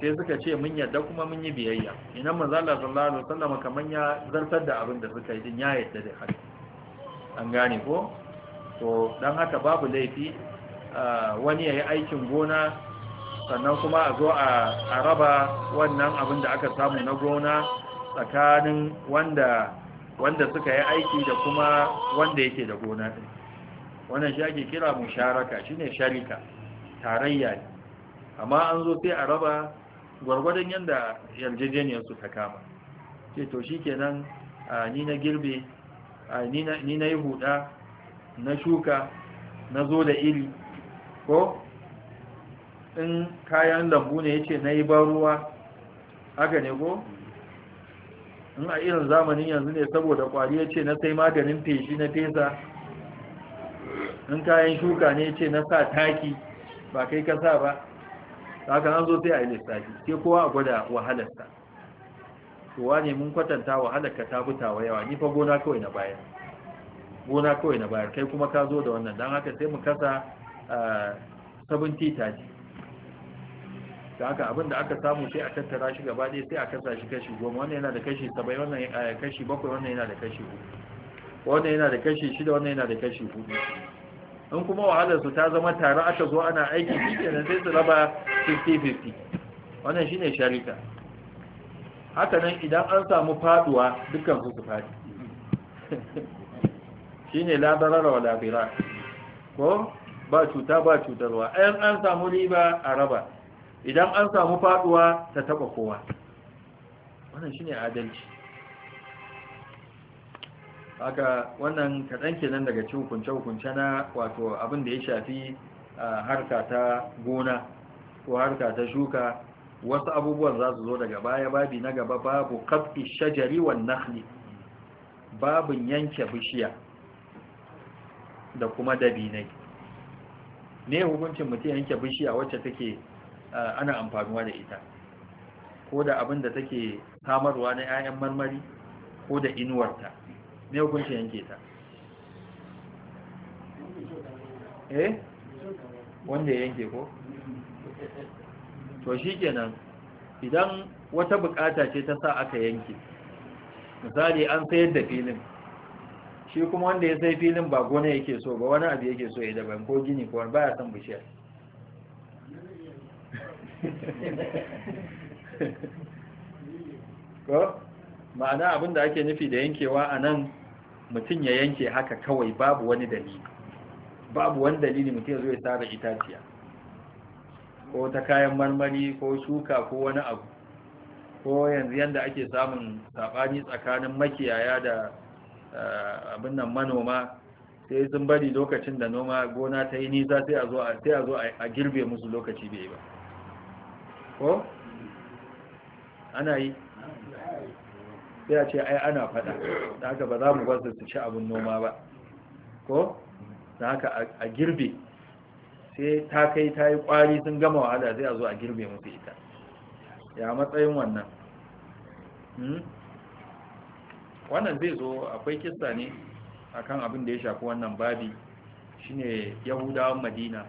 sai suka ce mun yarda kuma mun yi biyayya inan manzala sallallahu alaihi wasallam kaman ya zartar da abin da suka yi din ya yadda da haka an gane ko to dan haka babu laifi ah, wani yayi aikin gona sannan kuma a zo a raba wannan abin da aka samu na gona tsakanin wanda wanda suka yi aiki da kuma wanda yake da gona ɗin wannan shi ake kira sharaka, shi ne sharika tarayya ne amma an zo sai a raba gwargwadon yadda yarjejeniyar su ta kama ce to shi kenan ni na girbe ni na yi huda na shuka na zo da iri ko in kayan lambu ne ya ce na yi ban ruwa haka ne ko in a irin zamanin yanzu ne saboda kwari ya ce na sai maganin feshi na fesa in kayan shuka ne ya ce na sa taki ba kai ka sa ba haka an zo sai a yi lissafi sai kowa a gwada wahalarsa kowa ne mun kwatanta wahalar ka ta wa yawa ni fa gona kawai na bayan gona kawai na bayan kai kuma ka zo da wannan dan haka sai mu kasa 70 ah, taji da haka abin da aka samu sai a tattara shi gaba ɗaya sai a kasa shi kashi goma wannan yana da kashi saba wannan ya eh, kashi bakwai wannan yana da kashi uku wannan yana da kashi shida wannan yana da kashi hudu in kuma wahalar su ta zama tare aka zo ana aiki shi kenan sai su raba 50-50 wannan shine sharika haka nan idan an samu faduwa dukkan su su faɗi Shi ne labarar wa labirar. ko ba cuta ba cutarwa ɗayan an samu riba a raba idan an samu faduwa ta taba kowa wannan shine adalci haka wannan kaɗan kenan daga cikin hukunce-hukunce na wato abin da ya shafi harka ta gona ko harka ta shuka wasu abubuwan za su zo daga baya babi na gaba babu kafi shajari wa nakhli babin yanke bishiya da kuma dabinai ne hukuncin mutum yanke bishiya wacce take ana amfanuwa da ita ko da abin da take samarwa na 'ya'yan marmari ko da inuwarta ne hukuncin yanke ta eh wanda ya yanke ko to shi kenan idan wata bukata ce ta sa aka yanke misali an sayar da filin shi kuma wanda ya sai filin ba gona yake so ba wani abu yake so ya daban ko gini ko wani baya son bishiyar ko ma'ana abin da ake nufi da yankewa a nan mutum ya yanke haka kawai babu wani dalili babu wani dalili mutum ya zo ya tsara itaciya ko ta kayan marmari ko shuka ko wani abu ko yanzu yadda ake samun sabani tsakanin makiyaya da eh, abin nan manoma sai sun bari lokacin da noma gona ta yi nisa sai a zo a girbe musu lokaci bai ba ko ana yi sai a ce ai ana fada da haka ba za mu basu su ci abin noma ba ko da haka a girbe sai ta kai ta yi kwari sun gama wahala sai a zo a girbe musu ita ya matsayin wannan hmm? wannan zai zo akwai kista ne akan abin da ya shafi wannan babi shine yahudawan madina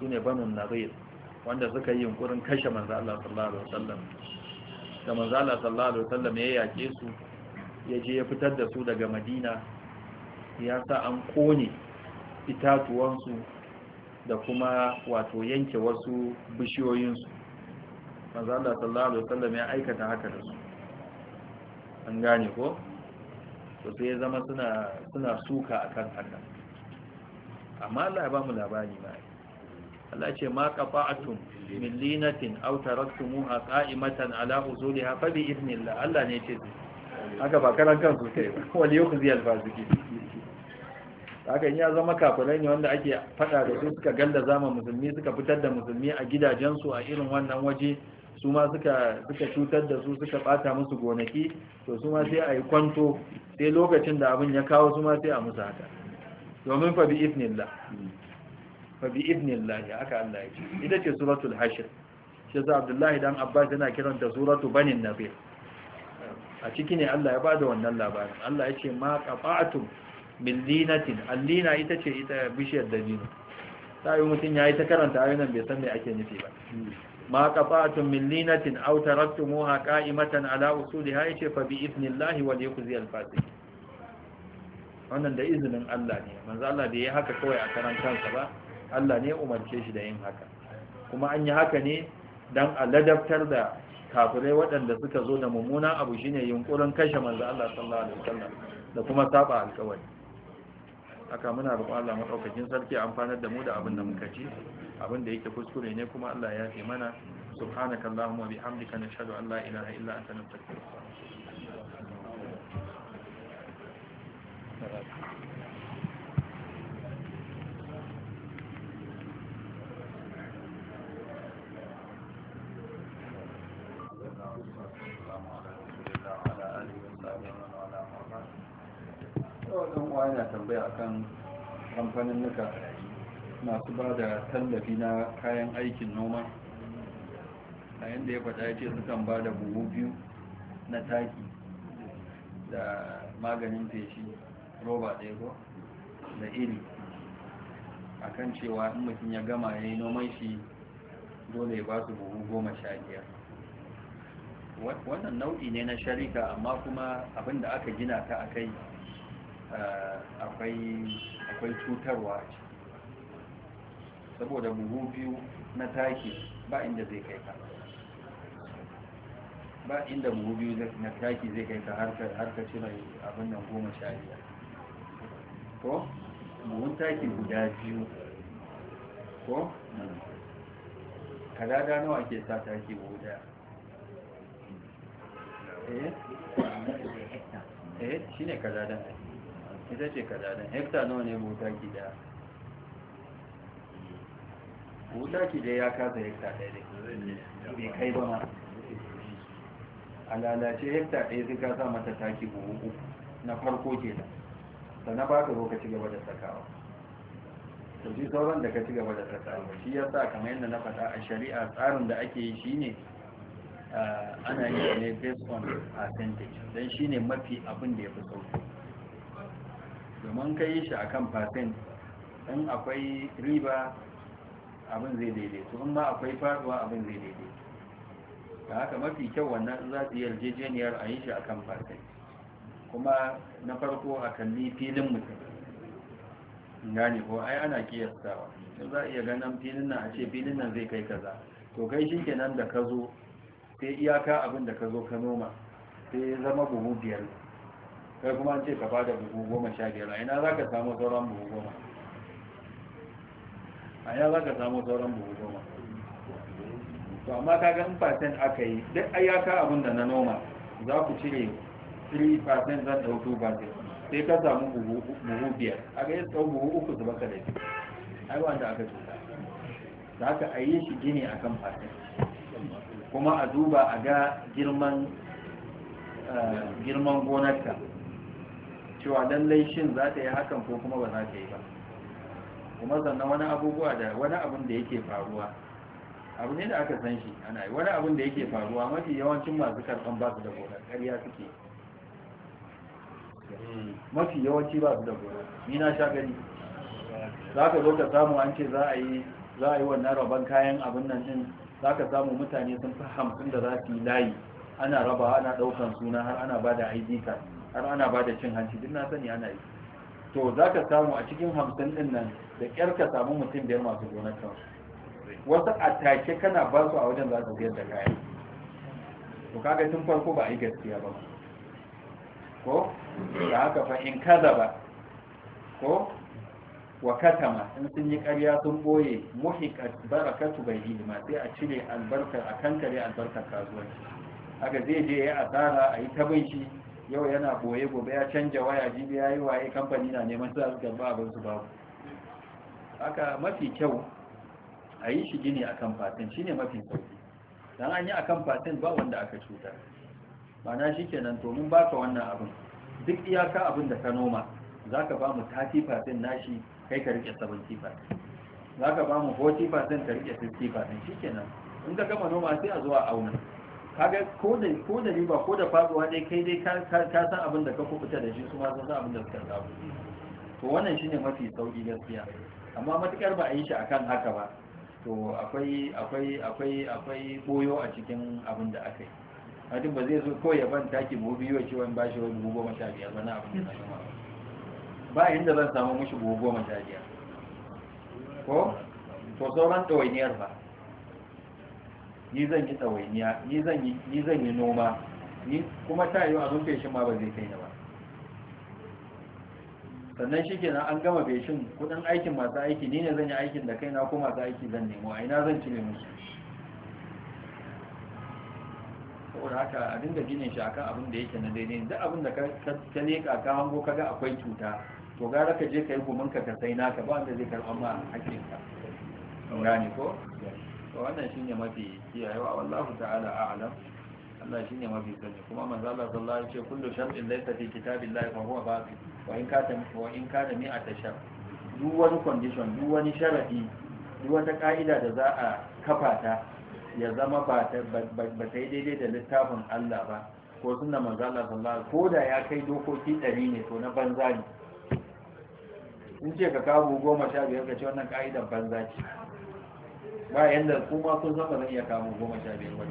su ne banin nazir wanda suka yi yunkurin kashe manzo Allah sallallahu alaihi wasallam da manzo Allah sallallahu alaihi wasallam ya yake su ya je ya fitar da su daga Madina ya sa an kone itatuwan su da kuma wato yanke wasu bishiyoyin su manzo Allah sallallahu alaihi wasallam ya aikata haka da su an gane ko to sai ya zama suna suna suka akan haka amma Allah ya ba mu labari mai Allah ce ma qafa'atum min linatin aw taraktumuha qa'imatan ala uzuliha fa bi idnillah Allah ne ce haka ba karan kansu kai ba wal yukhzi al fasiqin haka in ya zama kafirai ne wanda ake fada da su suka galla zama musulmi suka fitar da musulmi a gidajensu a irin wannan waje su ma suka cutar da su suka bata musu gonaki to su ma sai a yi kwanto sai lokacin da abin ya kawo su ma sai a musu haka domin fa bi idnillah fa bi ibnillahi haka Allah ya ce. ita ce suratul hashr shi za Abdullahi dan Abbas yana kiranta suratu banin nabi a ciki ne Allah ya bada wannan labarin Allah ya ce ma qafa'atum min linatin allina ita ce ita bishiyar dabino sai mutun yayi ta karanta ayoyin bai san me ake nufi ba ma qafa'atum min linatin aw taraktumuha qa'imatan ala usuliha ce fa bi ibnillahi wal yukhzi al fasik wannan da izinin Allah ne manzo Allah bai yi haka kawai a karantansa ba Allah ne umarce shi da yin haka kuma an yi haka ne don a ladabtar da kafirai waɗanda suka zo da mummunan abu shine yunkurin kashe manzo Allah sallallahu alaihi wasallam da kuma saba alkawari haka muna roƙon Allah maɗaukakin sarki amfanar da mu da abin da muka ci abin da yake kuskure ne kuma Allah ya fi mana subhanaka allahumma bihamdika nashhadu an la ilaha illa anta nastaghfiruka wa natubu Ana tambaya akan kamfanin nuka masu ba da tallafi na kayan aikin noma a yadda ya faɗa ya ce sukan ba da buhu biyu na taki da maganin feshi roba ɗaya ko da iri A kan cewa in mutum ya gama ya yi noman shi dole ya ba su buhu goma sha biyar wannan nau'i ne na sharika amma kuma abinda aka gina ta a kai Eh, akwai cutarwa saboda buhu biyu na taki ba inda zai kai ka ba inda buhu biyu na taki zai kai ka har ka cire abin nan goma sha biyar ko buhun taki guda biyu ko kadada nawa ke sa taki buhu daya eh? eh shine kadada. ake ita ce kada don hekta nawa ne mutaki daya ki dai ya kasa hekta daya da bai kai ba ma a lalace hekta daya sai sa mata taki buhu na farko ke da sannan ba ka zo ka ci gaba da sakawa to shi sauran da ka ci gaba da sakawa shi ya sa kamar yadda na fata a shari'a tsarin da ake yi shine eh, ana yi ne based on percentage don shine mafi abin da ya fi sauki domin ka yi shi a kan fasin in akwai riba abin zai daidaitu in ma akwai faruwa abin zai daidaitu da haka mafi kyau wannan za su yi yarjejeniyar a yi shi a kan fasin kuma na farko a kalli filin mutum gane ko ai ana kiyastawa in za a iya ganin filin nan a ce filin nan zai kai kaza to kai shi kenan da ka zo sai iyaka abin da ka zo ka noma sai zama buhu biyar kai kuma an ce ka bada buhu goma sha biyar a ina za ka samu sauran buhu goma a ina za ka samu sauran buhu goma to amma ka ga in aka yi duk ayyaka abin da na noma za ku cire 3% zan ɗau 2% sai ka samu buhu biyar a ga yi tsawon buhu uku zuba baka da shi ai wanda aka cuta za ka a yi shi gini a kan percent kuma a duba a ga girman eh, girman gonarka cewa lallai shin za ta yi hakan ko kuma ba za ta yi ba kuma sannan wani abubuwa da wani abin da yake faruwa abu ne da aka san shi ana yi wani abin da yake faruwa mafi yawancin masu karɓan ba su da gona ƙarya suke mafi yawanci ba su da gona ni na sha gani za ka zo ka samu an ce za a yi za a yi wannan rabon kayan abin nan din za ka samu mutane sun fi hamsin da za su yi layi ana raba ana ɗaukan suna har ana ba da id card har ana ba da cin hanci duk na sani ana yi to za ka samu a cikin hamsin din nan da ƙyar ka samu mutum biyar masu gonar kansu wasu a take kana ba su a wajen za su biyar da kaya to kaga tun farko ba a yi gaskiya ba ko da haka fa in kaza ba ko wa katama in sun yi ƙarya sun boye muhiqat barakatu bai hidima sai a cire albarkar a kankare albarkar kasuwanci haka zai je ya asara a yi ta yau yana boye gobe ya canja waya jibi ya yi waye kamfani na neman su su gaba abin su babu haka mafi kyau a yi shi gini a kan fatin shi ne mafi sauki don an yi a kan fatin ba wanda aka cuta mana shi kenan domin ba ka wannan abin duk iyaka abin da ka noma za ka ba mu 30% nashi kai ka rike 70% za ka ba mu 40% ka rike 60% shi kenan in ka gama noma sai a zuwa auna kaga ko da ko da riba ko da faduwa dai kai dai ka san abin da ka fita da shi su ma san abin da suka samu to wannan shine mafi sauki gaskiya amma matukar ba a yi shi akan haka ba to akwai akwai akwai akwai boyo a cikin abin da aka yi hadin ba zai zo ko ya ban taki buhu biyu ce wani bashi wani goma sha biyar ba na abin da na gama ba inda zan samu mushi gugu goma sha biyar ko to sauran ɗawainiyar ba ni zan yi tsawainiya ni zan yi noma ni kuma ta yi abin feshin ma ba zai kai ni ba sannan shi kenan an gama feshin kudin aikin masu aiki ni ne zan yi aikin da kaina ko masu aiki zan nemo a ina zan cire musu saboda haka a dinga ginin shi akan abin da yake na daidai duk abin da ka leka ka hango ka ga akwai cuta to gara ka je ka yi gomanka ka sai naka ba wanda zai karɓa ma ka gane ko wannan shine mafi kiyayewa wallahu ta'ala a'lam Allah shine mafi sani kuma manzo Allah sallallahu alaihi wasallam kullu shar'in laysa fi kitabillahi fa huwa batil wa in kana wa in kana mi'ata atashar duk wani condition duk wani sharadi duk wata ka'ida da za a kafa ta ya zama ba ta yi daidai da littafin Allah ba ko suna Allah sallallahu ko da ya kai dokoki dari ne to na banza ne in ce ka kawo goma sha biyar ka ce wannan ka'idar banza ce ba yanda kuma sun san ba zan iya kawo goma sha biyar ba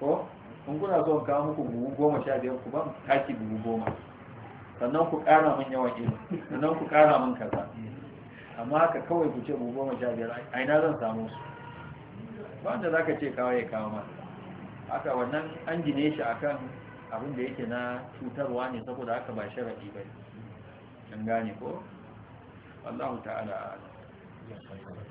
ko in kuna so in kawo muku buhu goma sha biyar ku ba kaki buhu goma sannan ku ƙara min yawan ilimi sannan ku ƙara min kaza amma haka kawai ku ce buhu goma sha biyar a ina zan samu su ba wanda za ka ce kawo ya kawo ma haka wannan an gine shi akan abin da yake na cutarwa ne saboda haka ba sharafi ba ne an gane ko Allah ta'ala